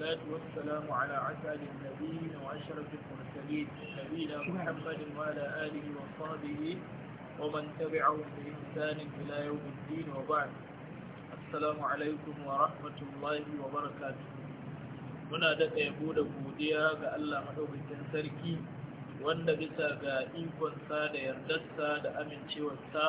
والصلاة والسلام على عسل النبيين وأشرف المرسلين نبينا محمد وعلى آله وصحبه ومن تبعهم بإحسان إلى يوم الدين وبعد السلام عليكم ورحمة الله وبركاته muna daɗa yabo da godiya ga Allah maɗaukakin sarki wanda bisa ga ikonsa da yardarsa da amincewarsa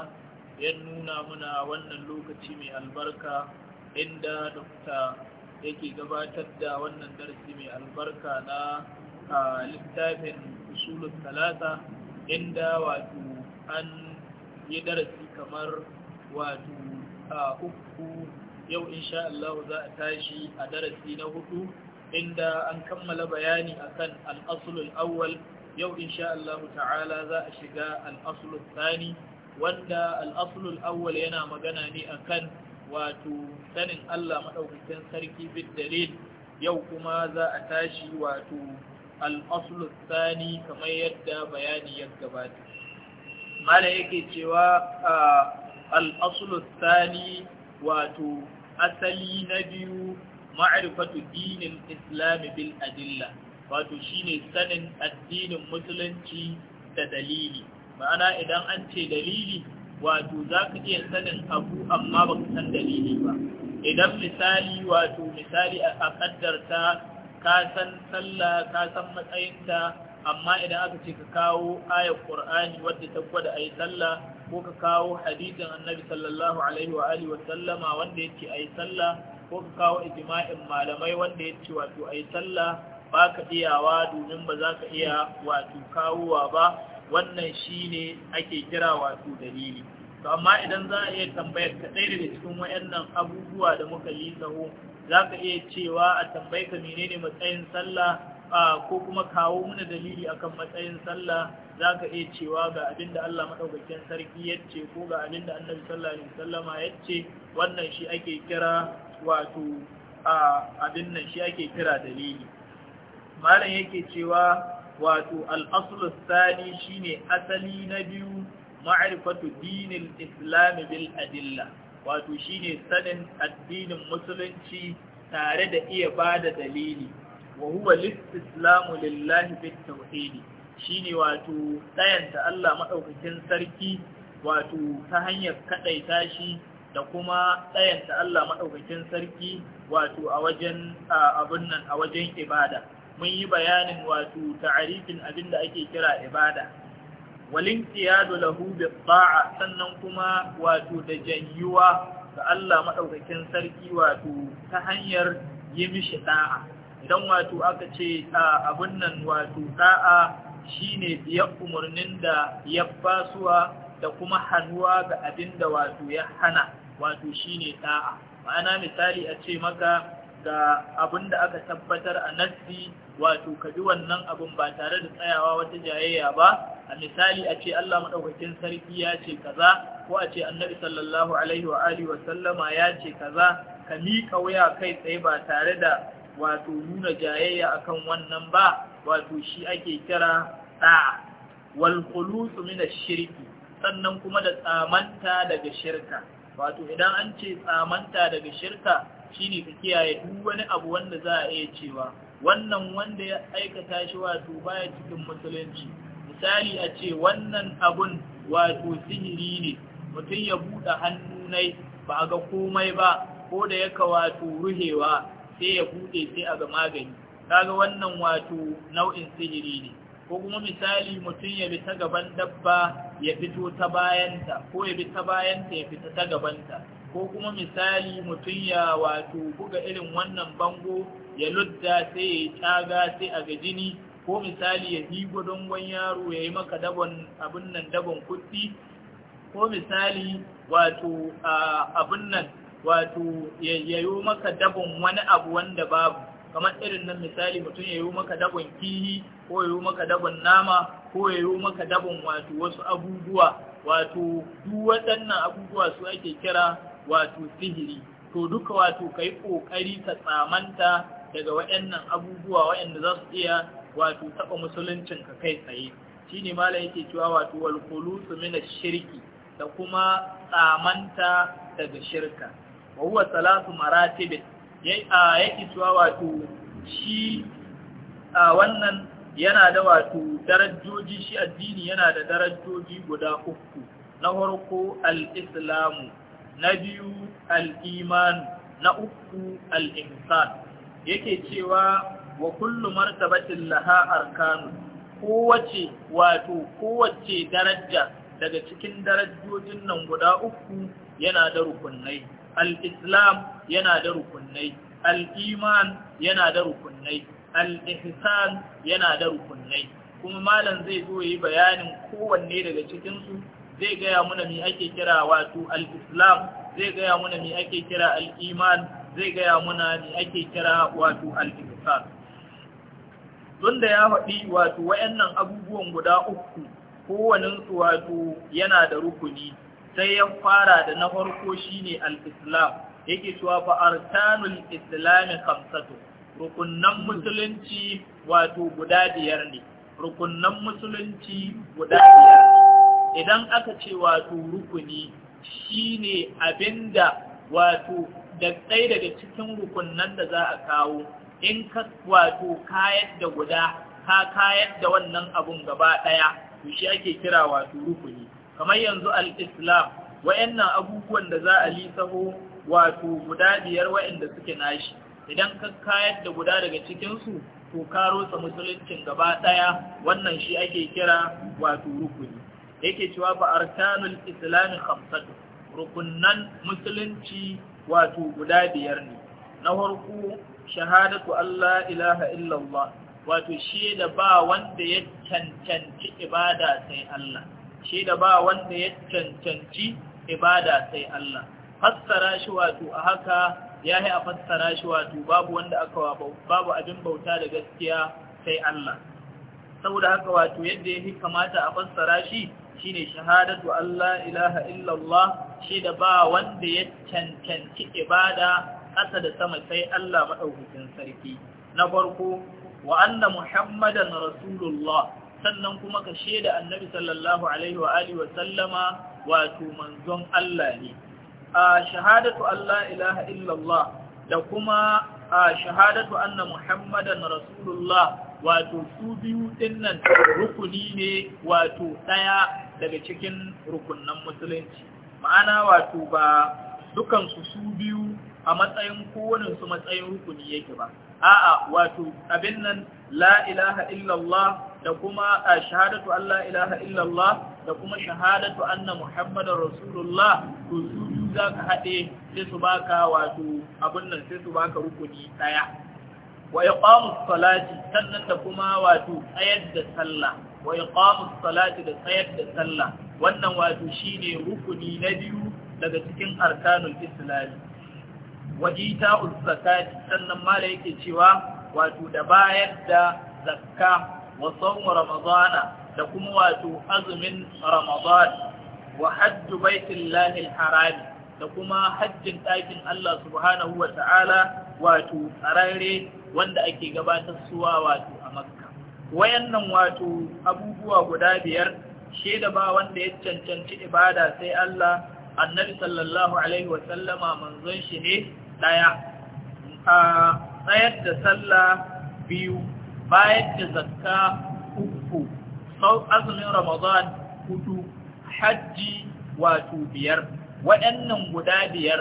ya nuna muna wannan lokaci mai albarka inda Dr. yake gabatar da wannan darasi mai albarka na littafin usulun talata inda wato an yi darasi kamar wato uku yau insha Allah za a tashi a darasi na hudu inda an kammala bayani akan al'asulun awwal yau insha Allah ta'ala za a shiga al'asulun tsani wanda al'asulun awwal yana magana ne akan wato sanin Allah maɗaukakin sarki bid dalil yau kuma za a tashi wato al sani kamar yadda bayani ya gabata mala yake cewa a aslu sani wato asali na biyu ma'rifatu dinin Islami bil adilla wato shine sanin addinin musulunci da dalili ma'ana idan an ce dalili wato za ka iya sanin abu amma ba ka san dalili ba idan misali wato misali a kaddarta ka san sallah ka san matsayinta amma idan aka ce ka kawo ayar qur'ani wadda ta gwada ayi sallah ko ka kawo hadisin annabi sallallahu alaihi wa alihi wa sallama wanda yake ayi sallah ko ka kawo ijma'in malamai wanda yake wato ayi sallah ba ka iyawa domin ba za ka iya wato kawowa ba wannan shi ne ake kira wato dalili to amma idan za a iya tambayar ka ɗaya daga cikin wayannan abubuwa da muka yi ho, za ka iya cewa a tambayi ka menene matsayin sallah ko kuma kawo mana dalili akan matsayin sallah za ka iya cewa ga abin da Allah maɗaukakin sarki ya ce ko ga abin da annabi sallallahu alaihi ya ce wannan shi ake kira wato abin nan shi ake kira dalili malam yake cewa wato al'asul shi shine asali na biyu ma'arifatu dinin islami bil adilla wato shine sanin addinin musulunci tare da iya ba da dalili wa huwa islamu lillahi bit shine wato tsayanta Allah madaukakin sarki wato ta hanyar kaɗaita shi da kuma tsayanta Allah maɗaukakin sarki wato a wajen nan a wajen ibada mun yi bayanin wato ta'arifin abin da ake kira ibada walin qiyadu lahu bi ta'a sannan kuma wato da janyuwa ga Allah madaukakin sarki wato ta hanyar yi mishi da'a idan wato aka ce abun nan wato da'a shine biyar umurnin da ya basuwa da kuma hannuwa ga abin da wato ya hana wato shine ɗaa. ma'ana misali a ce maka Da abin da aka tabbatar a nassi wato ka bi wannan abin ba tare da tsayawa wata jayayya ba a misali a ce Allah madaukakin sarki ya ce kaza ko a ce annabi sallallahu alaihi wa alihi wa sallama ya ce kaza ka miƙa wuya kai tsaye ba tare da wato nuna jayayya akan wannan ba wato shi ake kira ta, wal khulus min ash-shirki sannan kuma da tsamanta daga shirka wato idan an ce tsamanta daga shirka shine ka kiyaye duk wani abu wanda za a iya cewa wannan wanda ya aikata shi wato baya cikin musulunci misali a ce wannan abun wato sihiri ne mutum ya buɗe hannu nai ba a ga komai ba ko da yaka wato ruhewa sai ya buɗe sai a ga magani kaga wannan wato nau'in sihiri ne ko kuma misali mutum ya bi ta gaban dabba ya fito ta bayanta ko ya bi ta bayanta ya fita ta gabanta ko kuma misali mutum ya wato buga irin wannan bango ya ludda sai ya tsaga sai a ga jini ko misali ya higo dongon yaro ya yi maka dabon abin nan dabon kuɗi ko misali wato abin nan wato ya yi maka dabon wani abu wanda babu kamar irin nan misali mutum ya yi maka dabon kihi ko ya yi maka dabon nama ko ya yi maka dabon wato wasu abubuwa wato duk waɗannan abubuwa su ake kira wato sihiri to duka wato kai ƙoƙari ka tsamanta daga waɗannan abubuwa waɗanda za su iya wato taɓa musuluncin ka kai tsaye shine mala yake cewa wato wal su min shirki da kuma tsamanta daga shirka wa huwa salatu maratib a yake cewa wato shi a wannan yana da wato darajoji shi addini yana da darajoji guda uku na farko al-islamu na biyu al'iman na uku al'insan yake cewa wa kullu martabatin laha arkanu kowace wato kowace daraja daga cikin darajojin nan guda uku yana da rukunai al-islam yana da rukunai al-iman yana da rukunai al-ihsan yana da rukunai kuma malam zai zo yi bayanin kowanne daga cikin su zai gaya muna mi ake kira wato al-islam zai gaya muna mi ake kira al-iman zai gaya muna mi ake kira wato al-ihsan tunda ya faɗi wato wayannan abubuwan guda uku kowannen su wato yana da rukuni sai ya fara da na farko shine al-islam yake cewa fa arkanul islam khamsatu rukunnan musulunci wato guda biyar ne rukunnan musulunci guda biyar ne idan aka ce wato rukuni shine abinda wato da tsaye daga cikin rukunan da za a kawo in ka wato kayar da guda ka kayar da wannan abun gaba ɗaya to shi ake kira wato rukuni kamar yanzu al-islam wayannan abubuwan da za a lisaho wato guda biyar wayanda suke nashi idan ka kayar da guda daga cikin su to ka rotsa musuluncin gaba ɗaya wannan shi ake kira wato rukuni yake cewa fa arkanul islami khamsatu rukunnan musulunci wato guda biyar ne na farko shahadatu Allah ilaha illallah wato shaida ba wanda ya cancanci ibada sai Allah ba wanda ya cancanci ibada sai Allah fassara shi wato a haka yi a fassara shi wato babu wanda aka babu abin bauta da gaskiya sai Allah saboda haka wato yadda ya kamata a fassara shi Shi ne shahadatu Allah ilaha illallah shi da ba wanda ya cancanci ibada ƙasa da sama sai Allah maɗaukacin sarki na farko wa anna muhammadan rasulullah sannan kuma ka shaida annabi sallallahu alaihi wa’ali wa sallama wato manzon Allah ne a shahadatu Allah ilaha illallah da kuma a shahadatu anna muhammadan rasulullah wato su biyu dinnan rukuni ne wato ɗaya. daga cikin rukunnan musulunci ma'ana wato ba dukansu su biyu a matsayin kowaninsu matsayin rukuni yake ba a'a wato abin nan la ilaha illallah da kuma shahadatu la ilaha illallah da kuma shahadatu anna muhammadar rasulullah to su biyu za ka haɗe sai su baka wato abin nan sai su baka rukuni ɗaya wa iqamus salati sannan da kuma wato tsayar da sallah wa iqamus salati da tsayar da sallah wannan wato shine rukuni na biyu daga cikin arkanul islam wa ita'uz zakati sannan mala yake cewa wato da bayar da zakka wa sawm ramadana da kuma wato azumin ramadan wa hajj baitillahi alharam da kuma hajjin ɗakin Allah subhanahu wa ta'ala wato tsararre wanda ake gabatar suwa wato a makka wayannan wato abubuwa guda biyar shaida ba wanda ya cancanci ibada sai Allah annabi sallallahu alaihi wa sallama manzon shi ne daya a tsayar da sallah biyu bayar da zakka uku sau azumin ramadan hudu hajji wato biyar waɗannan guda biyar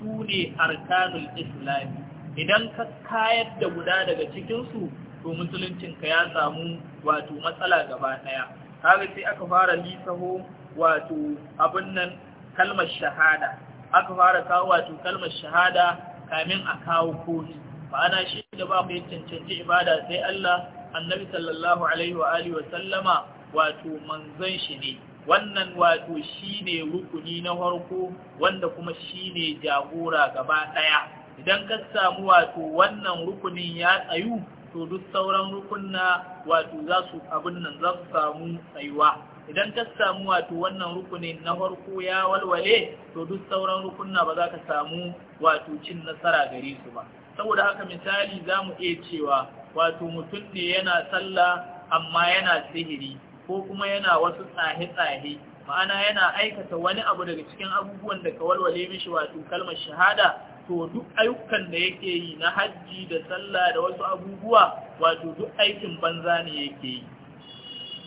su ne arkanul islami idan ka kayar da guda daga cikinsu to musuluncin ka ya samu wato matsala gaba daya kaga sai aka fara lisaho wato abin nan kalmar shahada aka fara kawo wato kalmar shahada kamin a kawo kotu. ma'ana shi da ba mai cancanci ibada sai Allah annabi sallallahu alaihi wa alihi wa sallama wato manzon shi ne wannan wato shine rukuni na farko wanda kuma shine jagora gaba daya idan ka samu wato wannan rukunin ya tsayu to duk sauran rukunna wato za su abin nan za su samu tsayuwa idan ka samu wato wannan rukunin na farko ya walwale to duk sauran rukunna ba za ka samu wato cin nasara gare su ba saboda haka misali za mu iya cewa wato mutum ne yana sallah amma yana sihiri ko kuma yana wasu tsahe-tsahe ma'ana yana aikata wani abu daga cikin abubuwan da ka walwale mishi wato kalmar shahada to duk ayyukan da yake yi na hajji da sallah da wasu abubuwa wato duk aikin banza ne yake yi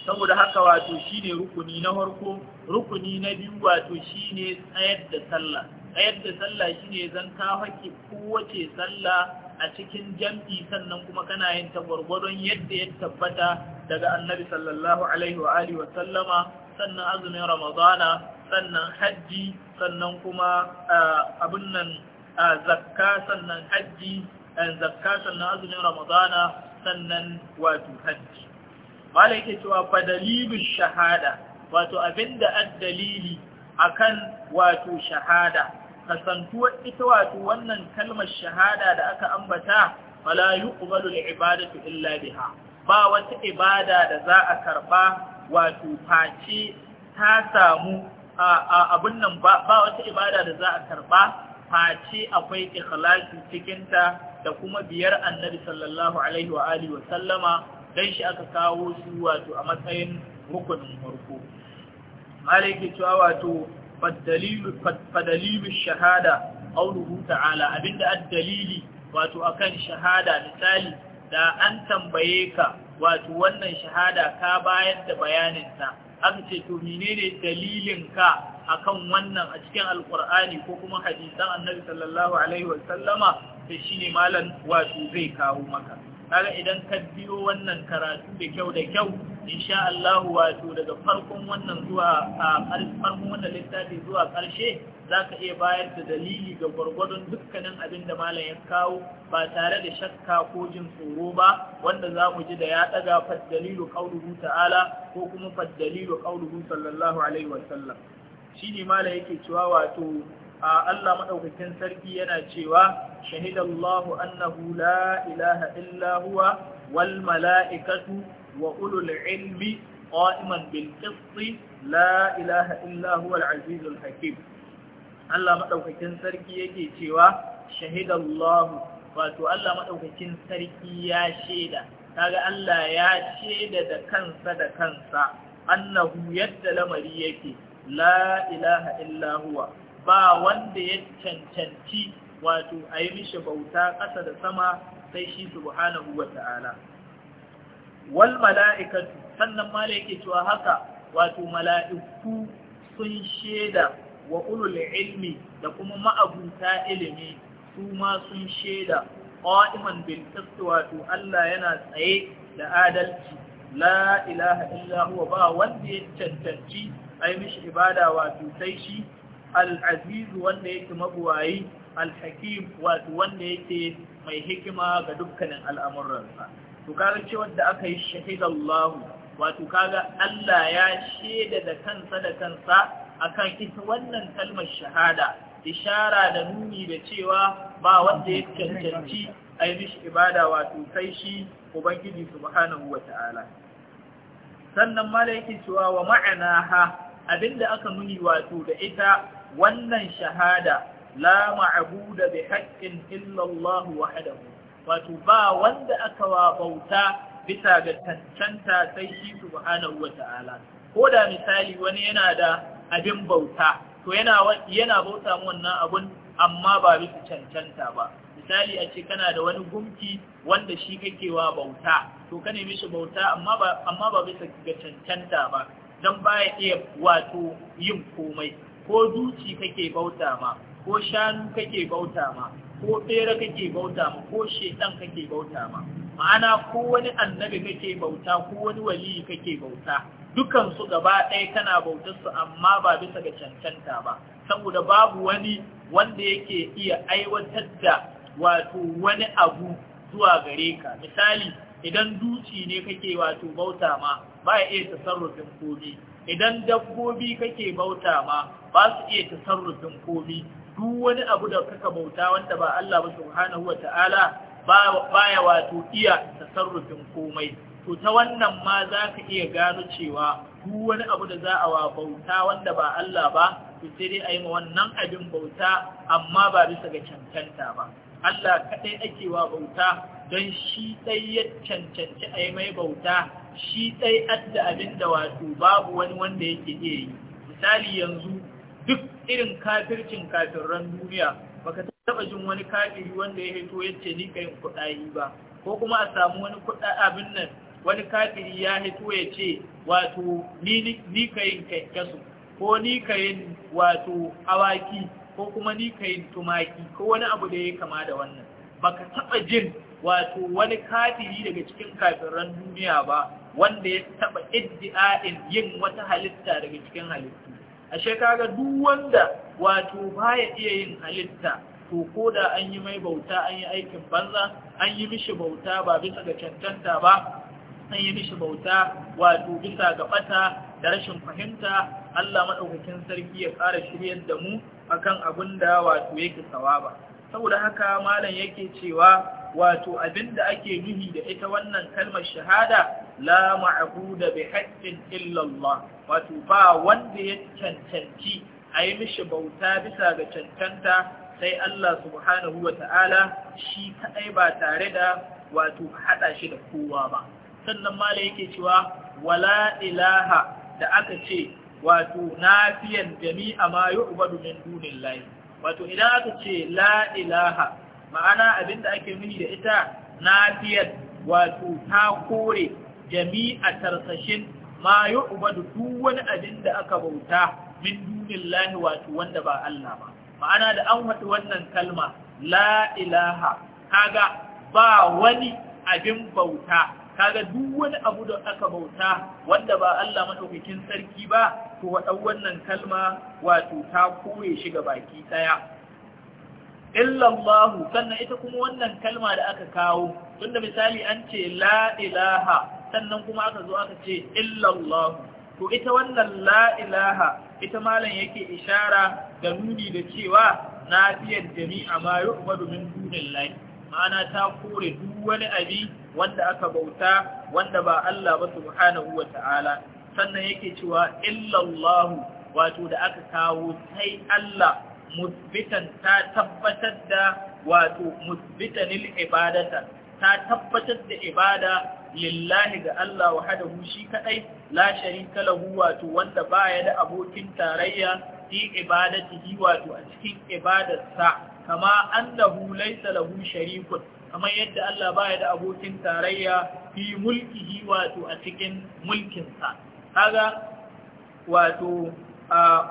saboda haka wato shine rukuni na farko rukuni na biyu wato shine tsayar da sallah tsayar da sallah shine zan ka hake kowace sallah a cikin jam'i sannan kuma kana yin ta gwargwadon yadda ya tabbata daga annabi sallallahu alaihi wa alihi wa sallama sannan azumin ramadana sannan hajji sannan kuma ah, abin nan zakka sannan hajji zakka sannan azumin ramadana sannan wato hajji mala yake cewa fa dalilin shahada wato abinda addalili akan wato shahada kasantuwar ita wato wannan kalmar shahada da aka ambata fala yuqbalu al-ibadatu illa biha ba wata ibada da za a karba wato face ta samu a abin nan ba wata ibada da za a karba face akwai ikhlasi cikinta da kuma biyar annabi sallallahu alaihi wa alihi wa sallama dan shi aka kawo su wato a matsayin rukunin farko malaiki cewa wato fa fadalilu shahada qauluhu ta'ala abinda ad-dalili wato akan shahada misali da an tambaye ka wato wannan shahada ka bayar da bayaninta aka ce to menene dalilin ka akan wannan a cikin alkur'ani ko kuma hadisan annabi sallallahu alaihi shi da shine malam wato zai kawo maka kaga idan ka biyo wannan karatu da kyau da kyau insha Allah wato daga farkon wannan zuwa a farkon wannan littafi zuwa karshe zaka iya bayar da dalili ga gwargwadon dukkanin abin da malam ya kawo ba tare da shakka ko jin tsoro ba wanda za mu ji da ya daga fad dalilu qauluhu ta'ala ko kuma fad dalilu qauluhu sallallahu alaihi wa shi ne mala yake cewa wato a Allah maɗaukakin sarki yana cewa shahidallahu annahu la ilaha illa huwa wal mala'ikatu wa ulul ilmi qa'iman bil qist la ilaha illa huwa hakim Allah maɗaukakin sarki yake cewa shahidallahu wato Allah maɗaukakin sarki ya shaida kaga Allah ya shaida da kansa da kansa annahu yadda lamari yake la ilaha illa huwa ba wanda ya cancanci wato a yi mishi bauta ƙasa da sama sai shi subhanahu wa ta'ala wal mala'ikatu sannan mala yake cewa haka wato mala'iku sun shaida wa ulul ilmi da kuma ma'abuta ilimi su ma sun shaida qa'iman bil qist wato Allah yana tsaye da adalci la ilaha illa huwa ba wanda ya cancanci ai mishi ibada wato sai shi al-aziz wanda yake mabuwayi al-hakim wato wanda yake mai hikima ga dukkanin al'amuransa to kaga cewa da aka yi shahidallahu wato kaga Allah ya shaida da kansa da kansa akan ita wannan kalmar shahada ishara da nuni da cewa ba wanda ya cancanci ai mishi ibada wato sai shi ubangiji subhanahu wata'ala sannan malaiki cewa wa ma'ana ha abinda aka nuni wato da ita wannan shahada la ma'abuda bi haqqin illa Allah wahdahu wato ba wanda aka wa bauta bisa ga tantanta sai shi subhanahu wata'ala ko da misali wani yana da abin bauta to yana yana bauta mu wannan abun amma ba bisa cancanta ba misali a ce kana da wani gumki wanda shi kake wa bauta to ka nemi shi bauta amma ba amma ba bisa ga cancanta ba don baya iya wato yin komai ko duci kake bauta ma ko shanu kake bauta ma ko tsere kake bauta ma ko shedan kake bauta ma ma'ana ko wani annabi kake bauta ko wani wali kake bauta dukansu gaba ɗaya kana bautar su amma ba bisa ga cancanta ba saboda babu wani wanda yake iya aiwatar da wato wani abu zuwa gare ka misali idan duci ne kake wato bauta ma ba ya iya tasarrufin komi idan dabbobi kake bauta ma ba su iya tasarrufin komi duk wani abu da kaka bauta wanda ba Allah ba subhanahu wa ta'ala ba ya wato iya tasarrufin komai to ta wannan ma za ka iya gano cewa duk wani abu da za a wa bauta wanda ba Allah ba to sai dai a yi ma wannan abin bauta amma ba bisa ga cancanta ba Allah kaɗai ake wa bauta don shi ɗai ya cancanci a yi mai bauta shi ɗai adda abin da wato babu wani wanda yake iya yi misali yanzu duk irin kafircin kafirran duniya baka taba jin wani kafiri wanda ya hito ya ce ni kayin kuɗayi ba ko kuma a samu wani kuɗa abin nan wani kafiri ya hito ya ce wato ni yin kyakkyasu ko ni kayin wato awaki ko kuma ni yin tumaki ko wani abu da ya kama da wannan baka taba jin wato wani kafiri daga cikin kafiran duniya ba wanda ya taba iddi'a'in yin wata halitta daga cikin halittu ashe kaga duk wanda wato baya iya yin halitta to ko da an yi mai bauta an yi aikin banza an yi mishi bauta ba bisa ga cancanta ba an yi mishi bauta wato bisa ga bata da rashin fahimta Allah maɗaukakin sarki ya ƙara shiryar da mu akan abin da wato yake sawaba saboda haka malam yake cewa wato abinda ake nuhi da ita wannan kalmar shahada la ma'budu bi haqqin illa Allah wato ba wanda ya cancanci a yi mishi bauta bisa ga cancanta sai Allah subhanahu wa ta'ala shi kaɗai ba tare da wato haɗa shi da kowa ba sannan mala yake cewa wala ilaha da aka ce wato nafiyan jami'a ma yu'badu min dunillahi wato idan aka ce la ilaha ma'ana abinda ake nuni da ita na nafiyar wato ta kore jami'a tarsashin ma yi ubadu duk wani abin da aka bauta min dunin lahi wato wanda ba Allah ba ma'ana da an wata wannan kalma la ilaha kaga ba wani abin bauta kaga duk wani abu da aka bauta wanda ba Allah maɗaukakin sarki ba to wadan wannan kalma wato ta kore shi ga baki ɗaya. illallahu sannan ita kuma wannan kalma da aka kawo tunda misali an ce la ilaha sannan kuma aka zo aka ce illallahu to ita wannan la ilaha ita malam yake ishara da nuni da cewa nafiyar jami'a ma yu'badu min dunillahi ma'ana ta kore duk wani abi wanda aka bauta wanda ba Allah ba subhanahu wa ta'ala sannan yake cewa illallahu wato da aka kawo sai Allah musbitan ta tabbatar da wato musbitan ibadata ta tabbatar da ibada lillahi ga Allah wahdahu shi kadai la sharika lahu wato wanda baya da abokin tarayya fi ibadatihi wato a cikin ibadarsa kama annahu laysa lahu sharikun kama yadda Allah baya da abokin tarayya fi mulkihi wato a cikin mulkinsa kaga wato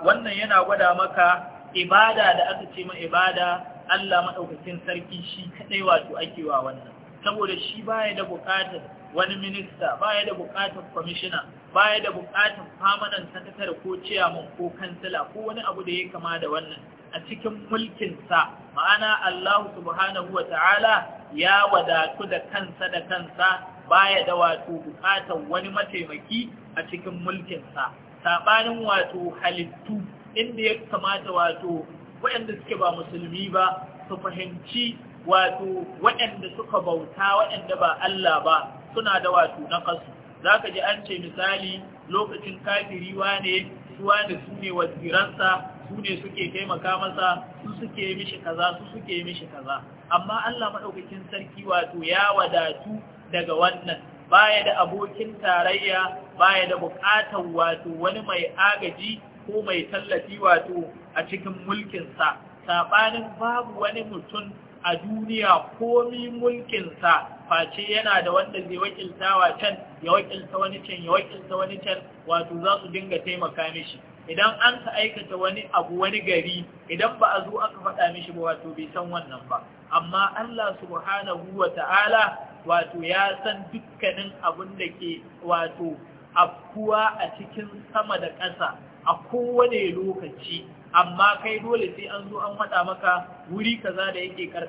wannan yana gwada maka ibada da aka ce ma ibada Allah maɗaukakin sarki shi kaɗai wato ake wa wannan saboda shi baya da buƙatar wani minista baya da buƙatar kwamishina baya da buƙatar famanan sakatare ko ciyaman ko kansila ko wani abu da ya kama da wannan a cikin mulkinsa ma'ana Allah subhanahu wa ta'ala ya wadatu da kansa da kansa baya da wato buƙatar wani mataimaki a cikin mulkinsa saɓanin wato halittu inda ya kamata wato waɗanda suke ba musulmi ba su fahimci wato waɗanda suka bauta waɗanda ba Allah ba suna da wato na kasu za ka ji an ce misali lokacin kafiri wane suwa da su ne wasiransa su ne suke taimaka masa su suke mishi kaza su suke mishi kaza amma Allah maɗaukakin sarki wato ya wadatu daga wannan baya da abokin tarayya baya da buƙatar wato wani mai agaji ko mai tallafi wato a cikin mulkinsa saɓanin babu wani mutum a duniya komi mulkinsa face yana da wanda zai wakiltawa can ya wakilta wani can ya wakilta wani can wato za su dinga taimaka mishi idan an ka aikata wani abu wani gari idan ba a zo aka faɗa mishi ba wato bai san wannan ba amma Allah subhanahu wa ta'ala wato ya san dukkanin abin da ke wato afkuwa a cikin sama da ƙasa a kowane lokaci amma kai dole sai an zo an haɗa maka wuri kaza da yake ka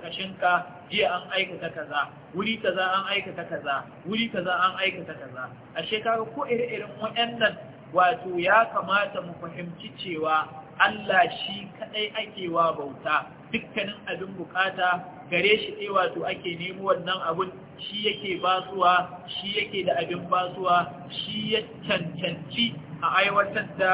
jiya an aikata kaza wuri kaza an aikata kaza wuri kaza an aikata kaza ashe kaga ko ire-iren waɗannan wato ya kamata mu fahimci cewa Allah shi kadai ake wa bauta dukkanin abin bukata gare shi ɗaya wato ake nemo wannan abun shi yake basuwa shi yake da abin basuwa shi ya cancanci a aiwatar da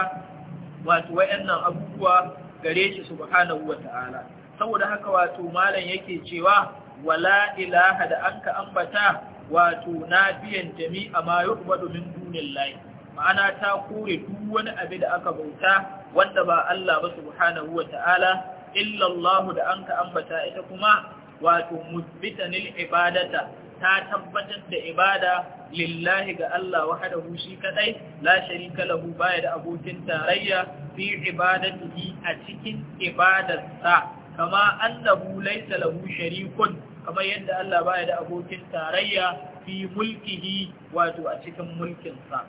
wato wayannan abubuwa gare shi subhanahu wata'ala saboda haka wato malam yake cewa wala ilaha da anka ambata wato nafiyan jami'a ma yu'badu min dunillahi ma'ana ta kore duk wani abu da aka bauta wanda ba Allah ba subhanahu wata'ala illa Allah da anka ambata ita kuma wato musbitanil ibadata ta tabbatar da ibada lillahi ga Allah wahdahu shi kadai la sharika lahu baya da abokin tarayya fi ibadatihi a cikin ibadarsa kama annahu laysa lahu sharikun kama yadda Allah baya da abokin tarayya fi mulkihi wato a cikin mulkin sa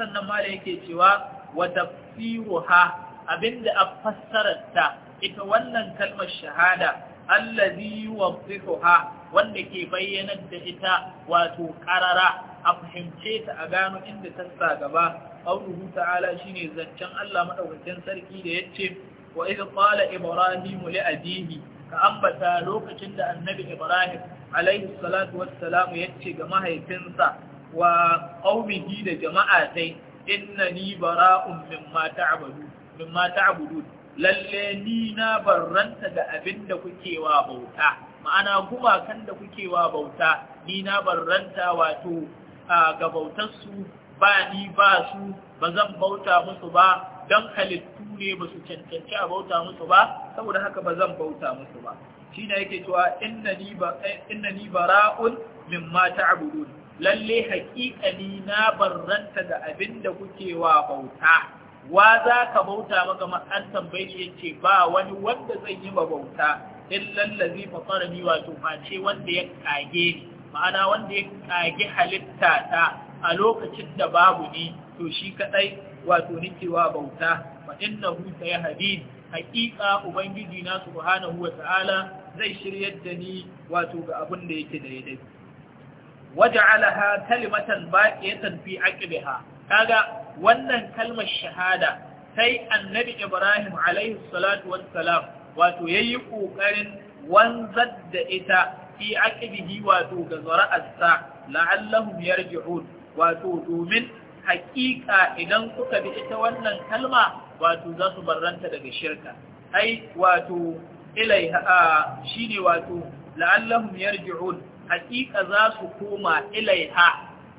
sannan mala yake cewa wa tafsiruha abinda a fassararta ita wannan kalmar shahada allazi yuwaddihuha wanda ke bayyanar da ita wato karara a fahimce ta a gano inda ta sa gaba qauluhu ta'ala shine zancen Allah madaukakin sarki da yace wa idh qala Ibrahimu li ka ambata lokacin da annabi ibrahim alaihi salatu ya yace ga mahaifinsa wa qaumihi da jama'a Inna ni bara'un mimma ta'budu mimma ta'budu lalle ni na barranta da abinda kuke wa bauta ma'ana gumakan da kuke wa bauta ni na barranta wato ga bautarsu ba ni ba su ba zan bauta musu ba don halittu ne ba su cancanci a bauta musu ba saboda haka ba zan bauta musu ba shi ne yake cewa inna ni bara'un mimma ta'budun lalle haƙiƙani na barranta da abin da kuke wa bauta wa za ka bauta maka an tambayi yace ba wani wanda zan yi ma bauta illal ladhi fatarani wato face wanda ya kage ma'ana wanda ya kage halitta ta a lokacin da babu ni to shi kadai wato nikewa bauta fa innahu sayahdin haqiqa ubangiji na subhanahu wa ta'ala zai shiryar da ni wato ga abin da yake daidai waja'alaha kalimatan baqiyatan fi aqibiha kaga wannan kalmar shahada sai annabi Ibrahim alaihi salatu wassalam wato ya yi kokarin wanzar da ita fi aqibihi wato ga zara'arsa la'allahum yarji'un wato domin hakika idan kuka bi ita wannan kalma wato za su barranta daga shirka ai wato ilaiha shine wato la'allahum yarji'un hakika za su koma ilaiha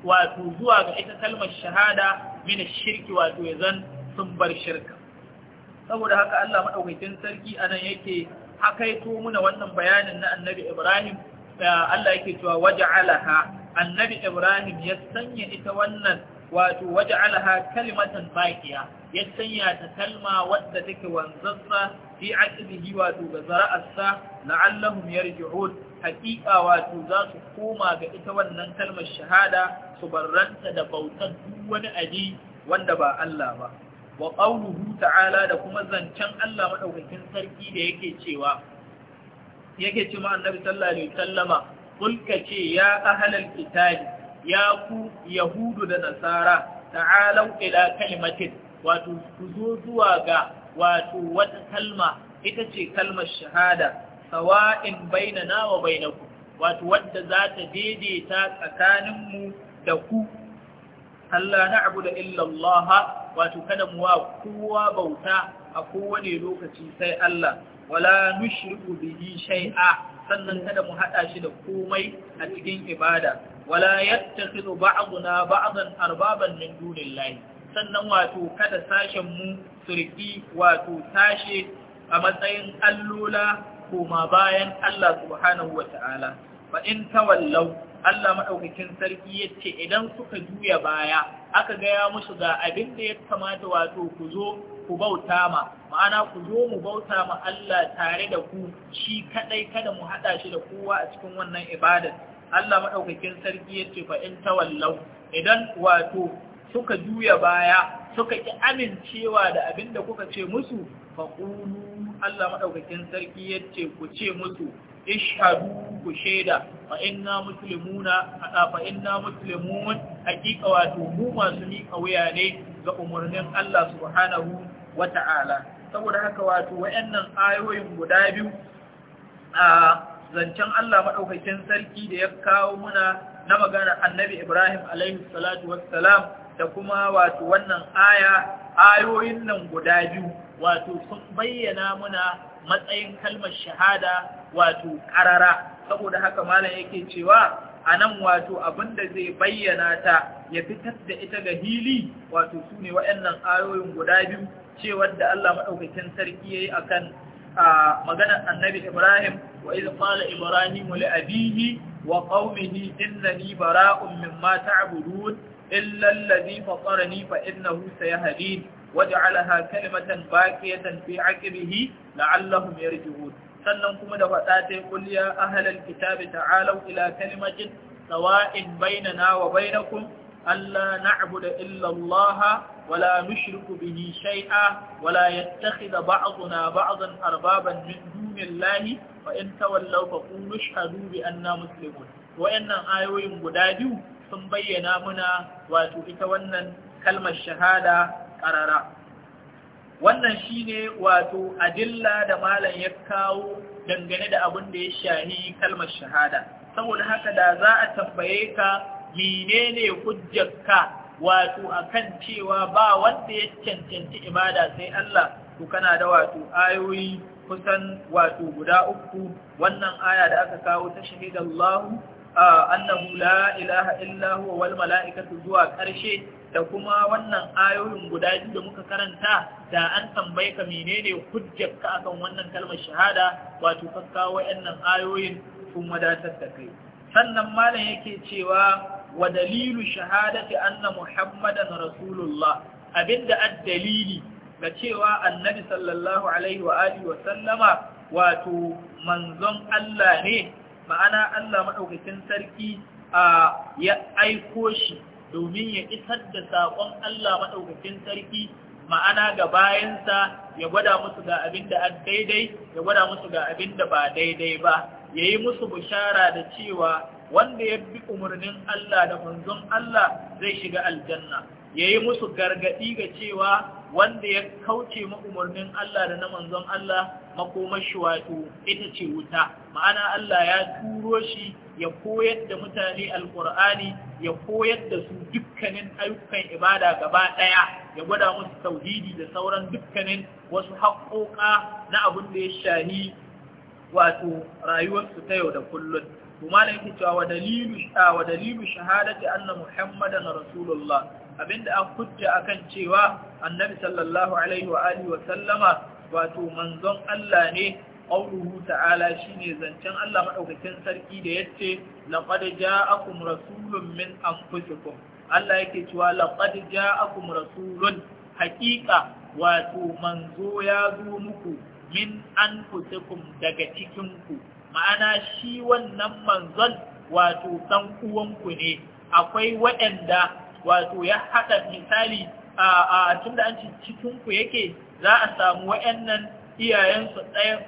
wato zuwa ga ita kalmar shahada min shirki wato yazan sun bar shirka saboda haka Allah madaukakin sarki anan yake hakaito muna wannan bayanin na annabi Ibrahim Allah yake cewa waja'alaha annabi Ibrahim ya sanya ita wannan wato waja'alaha kalimatan baqiya ya sanya ta kalma wadda take wanzansa fi aqidihi wato ga zara'arsa la'allahum yarji'un haqiqa wato za su koma ga ita wannan kalmar shahada su barranta da bautar duk wani aji wanda ba Allah ba wa ƙaunuhu ta'ala da kuma zancen Allah maɗaukakin sarki da yake cewa yake cewa annabi sallallahu alaihi wasallama kulka ce ya ahlal ya ku yahudu da nasara ta'alau ila kalimatin wato ku zo zuwa ga wato wata kalma ita ce kalmar shahada sawa'in na wa ku, wato wadda za ta daidaita tsakaninmu da ku Allah na abu da Allah wato kada mu wa kowa bauta a kowane lokaci sai Allah wala nushriku bihi shay'a sannan kada mu hada shi da komai a cikin ibada wala yattakhidhu ba'duna ba'dan arbaban min dunillahi sannan wato kada sashen mu surki wato sashe a matsayin allola koma bayan Allah subhanahu wata'ala fa in tawallau Allah maɗaukakin sarki ya ce idan suka juya baya aka gaya musu ga abin da ya kamata wato ku zo ku bauta ma ma'ana ku zo mu bauta ma Allah tare da ku shi kadai kada mu haɗa shi da kowa a cikin wannan ibadar Allah maɗaukakin sarki ya ce fa in tawallau idan wato suka juya baya suka ki amincewa da abin da kuka ce musu faƙulu Allah maɗaukakin sarki ya ce ku ce musu ishadu ku sheda fa inna muslimuna fa inna muslimun hakika wato mu masu miƙa wuya ne ga umarnin Allah subhanahu wata'ala saboda haka wato wayannan ayoyin guda biyu a zancen Allah madaukakin sarki da ya kawo muna na magana Annabi Ibrahim alaihi salatu wassalam da kuma wato wannan aya ayoyin nan guda biyu wato sun bayyana muna matsayin kalmar shahada wato karara saboda haka malam yake cewa a nan wato abinda zai bayyana ta ya fitar da ita ga hili wato sune ne waɗannan ayoyin guda biyu cewar da Allah maɗaukacin sarki ya yi a kan maganar annabi Ibrahim wa iz qala Ibrahim li abihi wa qaumihi innani bara'un mimma ta'budun illa alladhi fatarani fa innahu sayahdin waj'alaha kalimatan baqiyatan fi aqibihi la'allahum yarji'un sannan kuma da faɗa ta kulli ya ahlal kitabi ta'alau ila kalimatin sawa'in bainana wa bainakun allah na'abu illa Allah wala la bihi shai'a wala la yattakhidha ba'duna ba'dan arbaban min lahi. fa in tawallaw fa qulu ashhadu bi anna muslimun wa'annan ayoyin guda biyu sun bayyana muna wato ita wannan kalmar shahada ƙarara. wannan shi ne, wato adilla da malam ya kawo dangane da abin da ya shahi kalmar shahada saboda haka da za a tambaye ka menene hujjarka wato akan cewa ba wanda ya cancanci ibada sai Allah to kana da wato ayoyi kusan wato guda uku wannan aya da aka kawo ta shahidallahu annahu la ilaha illa wal mala'ikatu zuwa ƙarshe da kuma wannan ayoyin guda biyu da muka karanta da an tambaye ka menene hujjar ka akan wannan kalmar shahada wato ka kawo wayannan ayoyin sun wadatar da kai sannan malam yake cewa wa dalilu shahadati anna muhammadan rasulullah abinda adalili. ga cewa annabi sallallahu alaihi wa alihi wa sallama wato manzon Allah ne ma'ana Allah maɗaukakin sarki ya aiko shi domin ya isar da saƙon Allah maɗaukakin sarki ma'ana ga bayansa ya gwada musu ga abin da daidai ya gwada musu ga abin da ba daidai ba ya yi musu bishara da cewa wanda ya bi umarnin Allah da manzon Allah zai shiga aljanna ya yi musu gargaɗi ga cewa wanda ya kauce maumarnin Allah da na manzon Allah makomashi wato ita ce wuta ma'ana Allah ya turo shi ya koyar da mutane alkur'ani ya koyar da su dukkanin ayyukan ibada gaba ɗaya ya gwada musu tauhidi da sauran dukkanin wasu haƙoƙa na abin da ya shahi wato rayuwarsu ta yau da kullum kuma na yake cewa wa dalilu shahadati anna muhammadan rasulullah abinda an hujja akan cewa annabi sallallahu alaihi wa alihi wa sallama wato manzon Allah ne qauluhu ta'ala shine zancen Allah madaukakin sarki da yace laqad ja'akum rasulun min anfusikum Allah yake cewa laqad ja'akum rasulun haqiqa wato manzo ya zo muku min anfusikum daga cikin ku ma'ana shi wannan manzon wato dan ku ne akwai waɗanda wato ya haɗa misali a tun da an ci cikinku yake za a samu wa'annan iyayensu ɗaya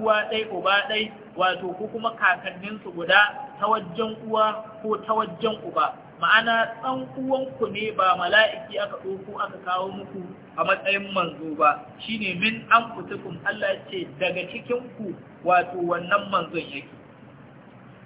uwa ɗai uba ɗai wato ko kuma kakanninsu guda ta wajen uwa ko ta wajen uba ma'ana ɗan uwanku ne ba mala'iki aka ɗauko aka kawo muku a matsayin manzo ba shine min an kutukun Allah ce daga cikinku wato wannan manzon yake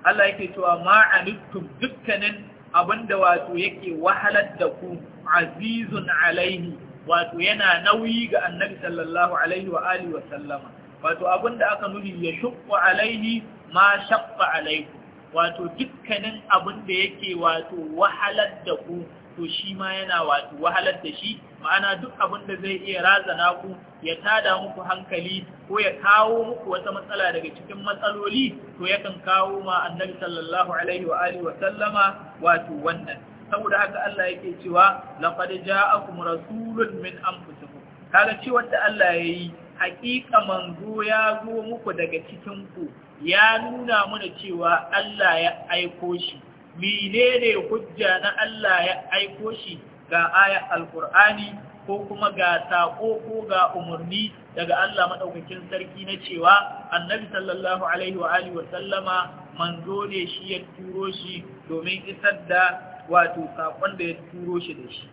Allah yake cewa ma'anittum dukkanin abinda wato yake wahalar da ku azizun alaihi wato yana nauyi ga annabi sallallahu alaihi wa alihi wa sallama wato abinda aka nuni ya shukku alaihi ma shaqqa alaikum wato dukkanin abinda yake wato wahalar da ku to shi ma yana wato wahalar da shi ma'ana duk abin da zai iya razana ku ya tada muku hankali ko ya kawo muku wata matsala daga cikin matsaloli to yakan kawo ma annabi sallallahu alaihi wa alihi wa sallama wato wannan saboda haka Allah yake cewa laqad ja'akum rasulun min anfusikum kaga ci wanda Allah yayi haƙiƙa manzo ya zo muku daga cikin ku ya nuna mana cewa Allah ya aiko shi menene hujja na Allah ya aiko shi ga ayat alkur'ani ko kuma ga saƙo ko ga umarni daga Allah Madaukakin sarki na cewa annabi sallallahu alaihi wa alihi wa sallama manzo ne shi ya turo shi domin isar da wato saƙon da ya turo shi da shi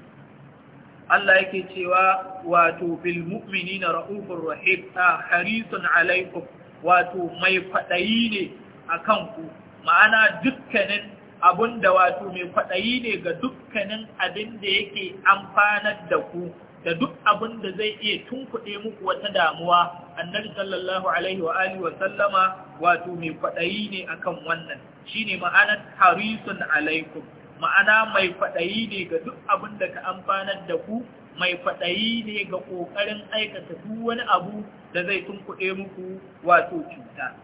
Allah yake cewa wato bil mu'minina ra'ufur rahim ta harisun alaikum wato mai faɗayi ne akan ku ma'ana dukkanin abun da wato mai kwaɗayi ne ga dukkanin abin da yake amfanar da ku da duk abin da zai iya tunkuɗe muku wata damuwa annabi sallallahu alaihi wa alihi wa sallama wato mai kwaɗayi ne akan wannan shine ma'anar harisun alaikum ma'ana mai kwaɗayi ne ga duk abin da ka amfanar da ku mai kwaɗayi ne ga ƙoƙarin aikata duk wani abu da zai tunkuɗe muku wato cuta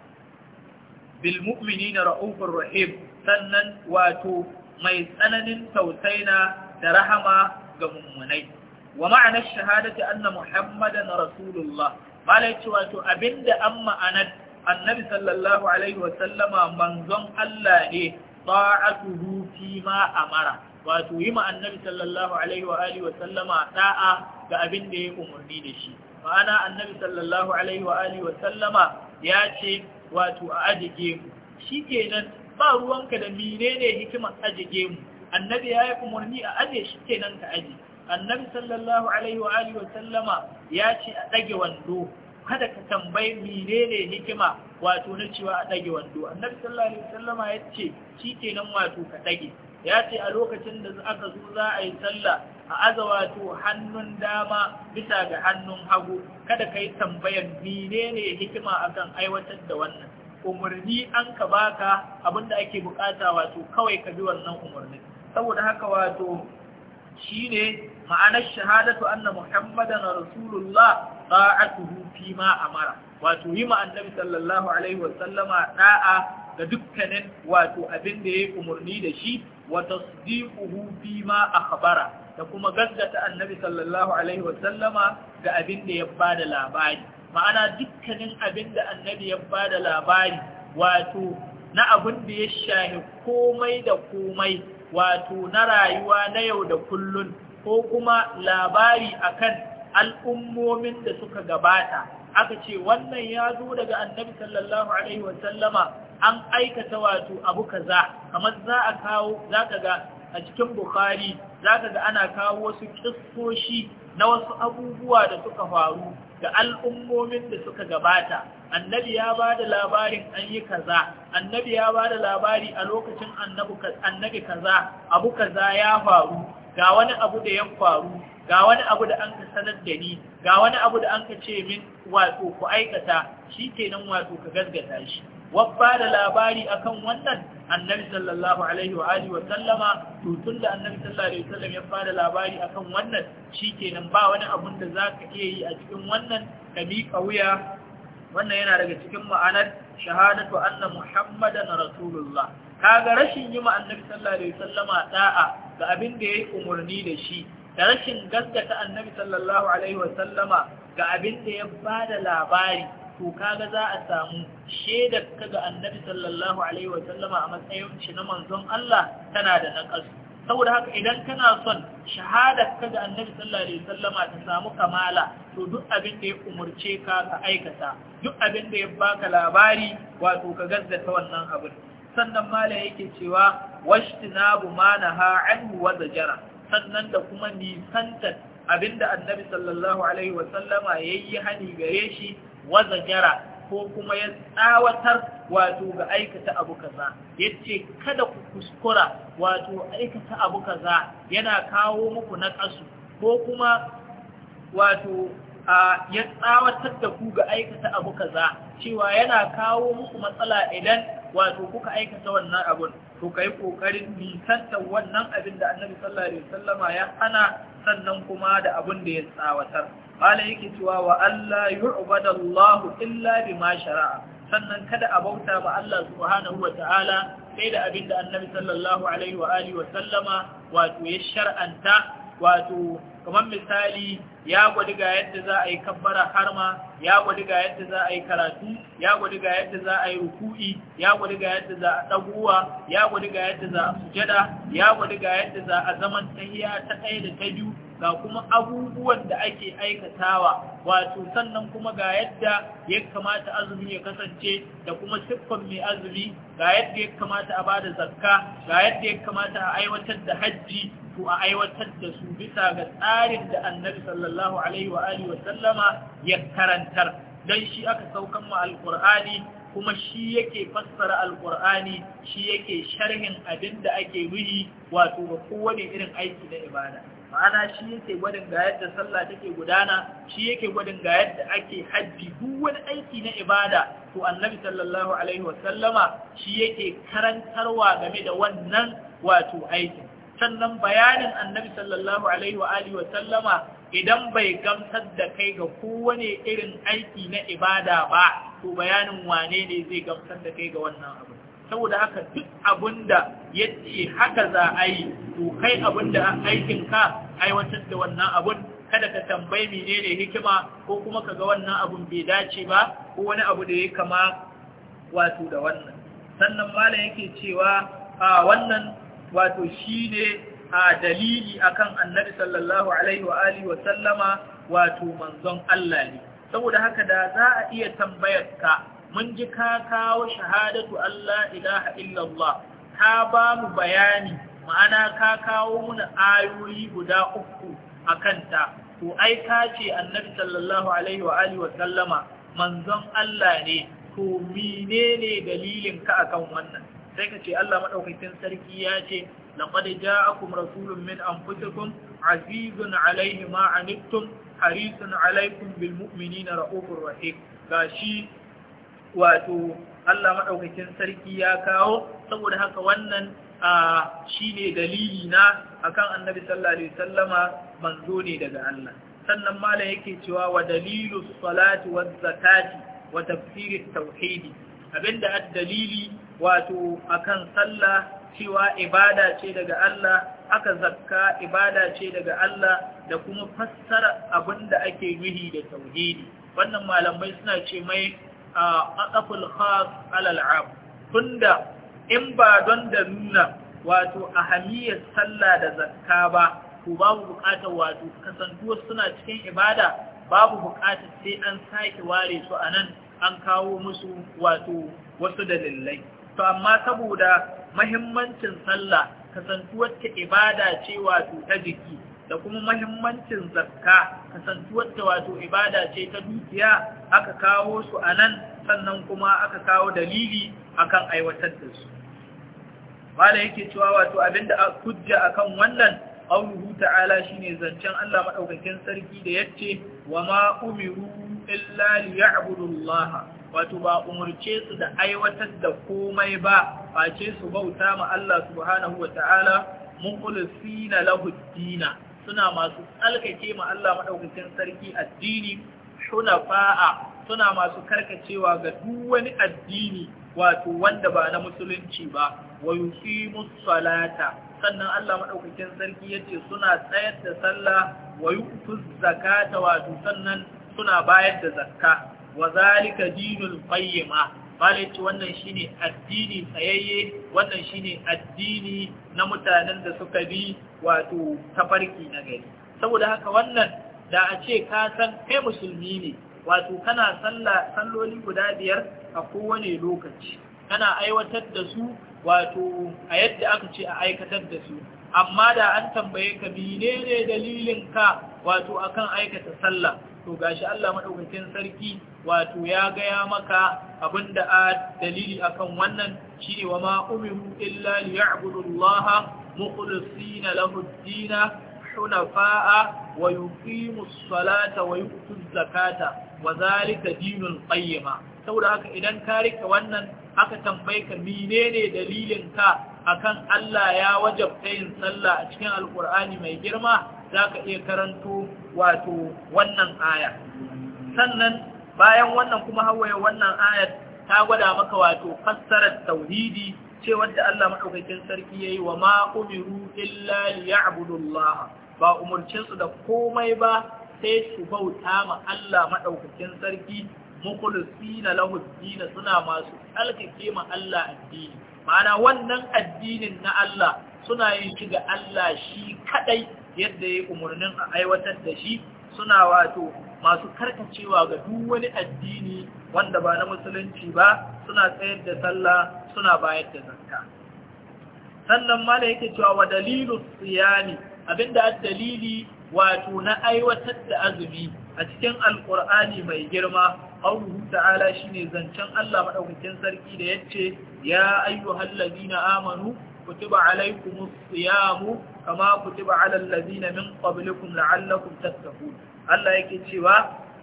bil mu'minina ra'ufur rahim sannan wato mai tsananin tausaina da rahama ga mummunai wa ma'anar shahadati anna muhammadan rasulullah malai cewa to abinda an ma'anar annabi sallallahu alaihi wasallama manzon Allah ne ta'atuhu fi ma amara wato yi ma annabi sallallahu alaihi wa alihi wasallama da'a ga da ya umarni da shi ma'ana annabi sallallahu alaihi wa alihi wasallama ya ce wato a ajiye mu shikenan ba ruwanka da menene hikimar aje gemu annabi ya yi umarni a aje shi kenan ka aje annabi sallallahu alaihi wa alihi wa sallama ya ce a dage wando kada ka tambayi menene hikima wato na cewa a dage wando annabi sallallahu alaihi wa sallama ya ce kenan wato ka dage ya ce a lokacin da aka zo za a yi sallah a aza wato hannun dama bisa ga hannun hagu kada ka yi tambayan menene hikima akan aiwatar da wannan umarni an ka baka abinda ake bukata wato kawai ka bi wannan umarni saboda haka wato shine ma'anar shahadatu anna muhammadan rasulullah ta'atuhu fi ma amara wato yi ma annabi sallallahu alaihi wasallama da'a ga dukkanin wato abin da yayi umarni da shi wa tasdiquhu fi ma akhbara da kuma gaggata annabi sallallahu alaihi wasallama ga abin da ya bada labari ma'ana dukkanin abin da annabi ya ba da labari wato na abin da ya shahi komai da komai wato na rayuwa na yau da kullun ko kuma labari akan al'ummomin da suka gabata aka ce wannan ya zo daga annabi sallallahu alaihi wasallama an aikata wato abu kaza kamar za a kawo za ka ga a cikin bukhari za ka ga ana kawo wasu kissoshi na wasu abubuwa da suka faru ga al'ummomin da suka gabata annabi ya ba da labarin an yi kaza annabi ya ba da labari a lokacin annabi kaza abu kaza ya faru ga wani abu da ya faru ga wani abu da an ka sanar da ni ga wani abu da an ka ce min wato ku aikata shi kenan wato ka gasgata shi wabba da labari akan wannan annabi sallallahu alaihi wa alihi wa sallama to tunda annabi sallallahu alaihi wa sallam ya fara labari akan wannan shikenan ba wani abun da zaka iya yi a cikin wannan ka miƙa wuya wannan yana daga cikin ma'anar shahadatu anna muhammadan rasulullah kaga rashin yi ma annabi sallallahu alaihi wa sallama da'a ga abin da yayi umurni da shi da rashin gaskata annabi sallallahu alaihi wa sallama ga abin da ya bada labari to kaga za a samu shaidar kaga annabi sallallahu alaihi wasallama a matsayin shi na manzon Allah tana da nakas saboda haka idan kana son shahadar kaga annabi sallallahu alaihi wasallama ta samu kamala to duk abin da ya umurce ka ka aikata duk abin da ya baka labari wato ka gazzata wannan abin sannan mala yake cewa washtinabu ma naha anhu wa zajara sannan da kuma nisantar abinda annabi sallallahu alaihi wasallama yayi hani gare shi waza jara ko kuma ya tsawatar wato ga aikata abu kaza yace kada ku kuskura wato aikata abu kaza yana kawo muku na kasu ko kuma wato ya tsawatar da ku ga aikata abu kaza cewa yana kawo muku matsala idan wato kuka aikata wannan abun to kai kokarin nisanta wannan abin da Annabi sallallahu alaihi wasallama ya hana sannan kuma da abin da ya tsawatar qala yake cewa wa alla yu'bada Allahu" illa bima shara'a sannan kada a bauta ba Allah subhanahu wa ta'ala sai da abinda annabi sallallahu alaihi wa alihi wa sallama wato ya shar'anta wato kamar misali ya gwadi ga yadda za a yi kabbara harma ya gwadi ga yadda za a yi karatu ya gwadi ga yadda za a yi ruku'i ya gwadi ga yadda za a ɗaguwa ya gwadi ga yadda za a sujada ya gwadi ga yadda za a zaman tahiya ta ɗaya da ta biyu ga kuma abubuwan da ake aikatawa wato sannan kuma ga yadda ya kamata azumi ya kasance da kuma siffan mai azumi ga yadda ya kamata a bada zakka ga yadda ya kamata a aiwatar da hajji to a aiwatar da su bisa ga tsarin da annabi sallallahu alaihi wa alihi wa sallama ya karantar dan shi aka saukan mu alqur'ani kuma shi yake fassara alqur'ani shi yake sharhin abin da ake ruhi wato ga kowane irin aiki na ibada ma'ana shi yake gwadin ga yadda sallah take gudana shi yake gwadin ga yadda ake hajji duk wani aiki na ibada to annabi sallallahu alaihi wasallama shi yake karantarwa game da wannan wato aikin sannan bayanin annabi sallallahu alaihi wa alihi wasallama idan bai gamsar da kai ga kowane irin aiki na ibada ba to bayanin wane ne zai gamsar da kai ga wannan abu saboda haka duk abinda yace haka za a yi ko kai abinda aikinka ka aiwatar da wannan abun kada ka tambayi menene hikima ko kuma kaga wannan abun bai dace ba ko wani abu da ya kama wato da wannan sannan malam yake cewa a wannan wato shine a dalili akan annabi sallallahu alaihi wa sallama wato manzon Allah ne saboda haka da za a iya tambayar ka mun ji ka kawo shahadatu Allah ilaha illallah ka ba mu bayani ma'ana ka kawo mana ayoyi guda uku a kanta to ai ka ce annabi sallallahu alaihi wa alihi wa sallama manzon Allah ne to menene dalilin ka akan wannan sai ka ce Allah madaukakin sarki ya ce laqad ja'akum rasulun min anfusikum azizun alaihi ma anittum harisun alaikum bil mu'minina raufur rahim gashi wato Allah maɗaukakin sarki ya kawo saboda haka wannan a shi ne dalili na akan annabi sallallahu alaihi wasallama manzo ne daga Allah sannan malam yake cewa wa dalilu salati wa zakati wa at tauhidi abinda ad-dalili wato akan sallah cewa ibada ce daga Allah aka zakka ibada ce daga Allah da kuma fassara abinda ake nuhi da tauhidi wannan malamai suna ce mai a khas alal'ab tunda in ba don da nuna wato ahamiyar sallah da zakka ba ko babu buƙatar wato kasantuwa suna cikin ibada babu buƙatar sai an sake ware su a nan, an kawo musu wato wasu dalilai to amma saboda mahimmancin sallah kasantuwar ta ibada ce wato ta jiki da kuma mahimmancin zakka kasantuwar da wato ibada ce ta dukiya aka kawo su a nan sannan kuma aka kawo dalili akan aiwatar da su Bala yake cewa wato abinda a kujja akan wannan auluhu ta'ala shine zancen Allah madaukakin sarki da yace wa ma umiru illa liya'budu Allah wato ba umurce su da aiwatar da komai ba face su bauta ma Allah subhanahu wa ta'ala mukhlisina lahu dinna suna masu tsalkace ma Allah maɗaukacin sarki addini fa'a. suna masu karkacewa ga duk wani addini wato wanda ba na musulunci ba wa yuqimus salata sannan Allah maɗaukacin sarki yace suna tsayar da sallah wa zakata wato sannan suna bayar da zakka wa zalika dinul qayyima malai ce wannan shine addini tsayayye wannan shine addini na mutanen da suka bi wato tafarki na gari saboda haka wannan da a ce ka san kai musulmi ne wato kana salla salloli guda biyar a kowane lokaci kana aiwatar da su wato a yadda aka ce a aikatar da su amma da an tambaye ka menene dalilin ka wato akan aikata sallah to gashi Allah madaukakin sarki wato ya gaya maka abinda a dalili akan wannan ne wa ma umiru illa liya'budu Allah mukhlisina lahu hunafa'a wa yuqimu as-salata wa zakata wa zalika dinul qayyima saboda haka idan ka rike wannan aka tambayeka menene dalilin ka akan Allah ya wajabta yin sallah a cikin alqur'ani mai girma za ka iya karanto wato wannan aya sannan bayan wannan kuma hawaye wannan aya ta gwada maka wato fassarar tauhidi ce wadda Allah maɗaukakin sarki ya yi wa ma'umiru umiru illa liya'budullaha ba umurcin da komai ba sai su bauta ma Allah maɗaukakin sarki mukhlisina lahu ad suna masu alkake ma Allah addini ma'ana wannan addinin na Allah suna yin shi ga Allah shi kaɗai. yadda ya yi umarnin a aiwatar da shi suna wato masu karkacewa ga duk wani addini wanda ba na musulunci ba suna tsayar da sallah suna bayar da zakka sannan da yake cewa wa dalilu da abinda dalili wato na aiwatar da azumi a cikin alkur'ani mai girma Allahu ta'ala shine zancen Allah madaukakin sarki da yace ya ayyuhallazina amanu kutiba alaykumus siyamu kama kutiba ala allazina min qablikum la'allakum tattaqun Allah yake cewa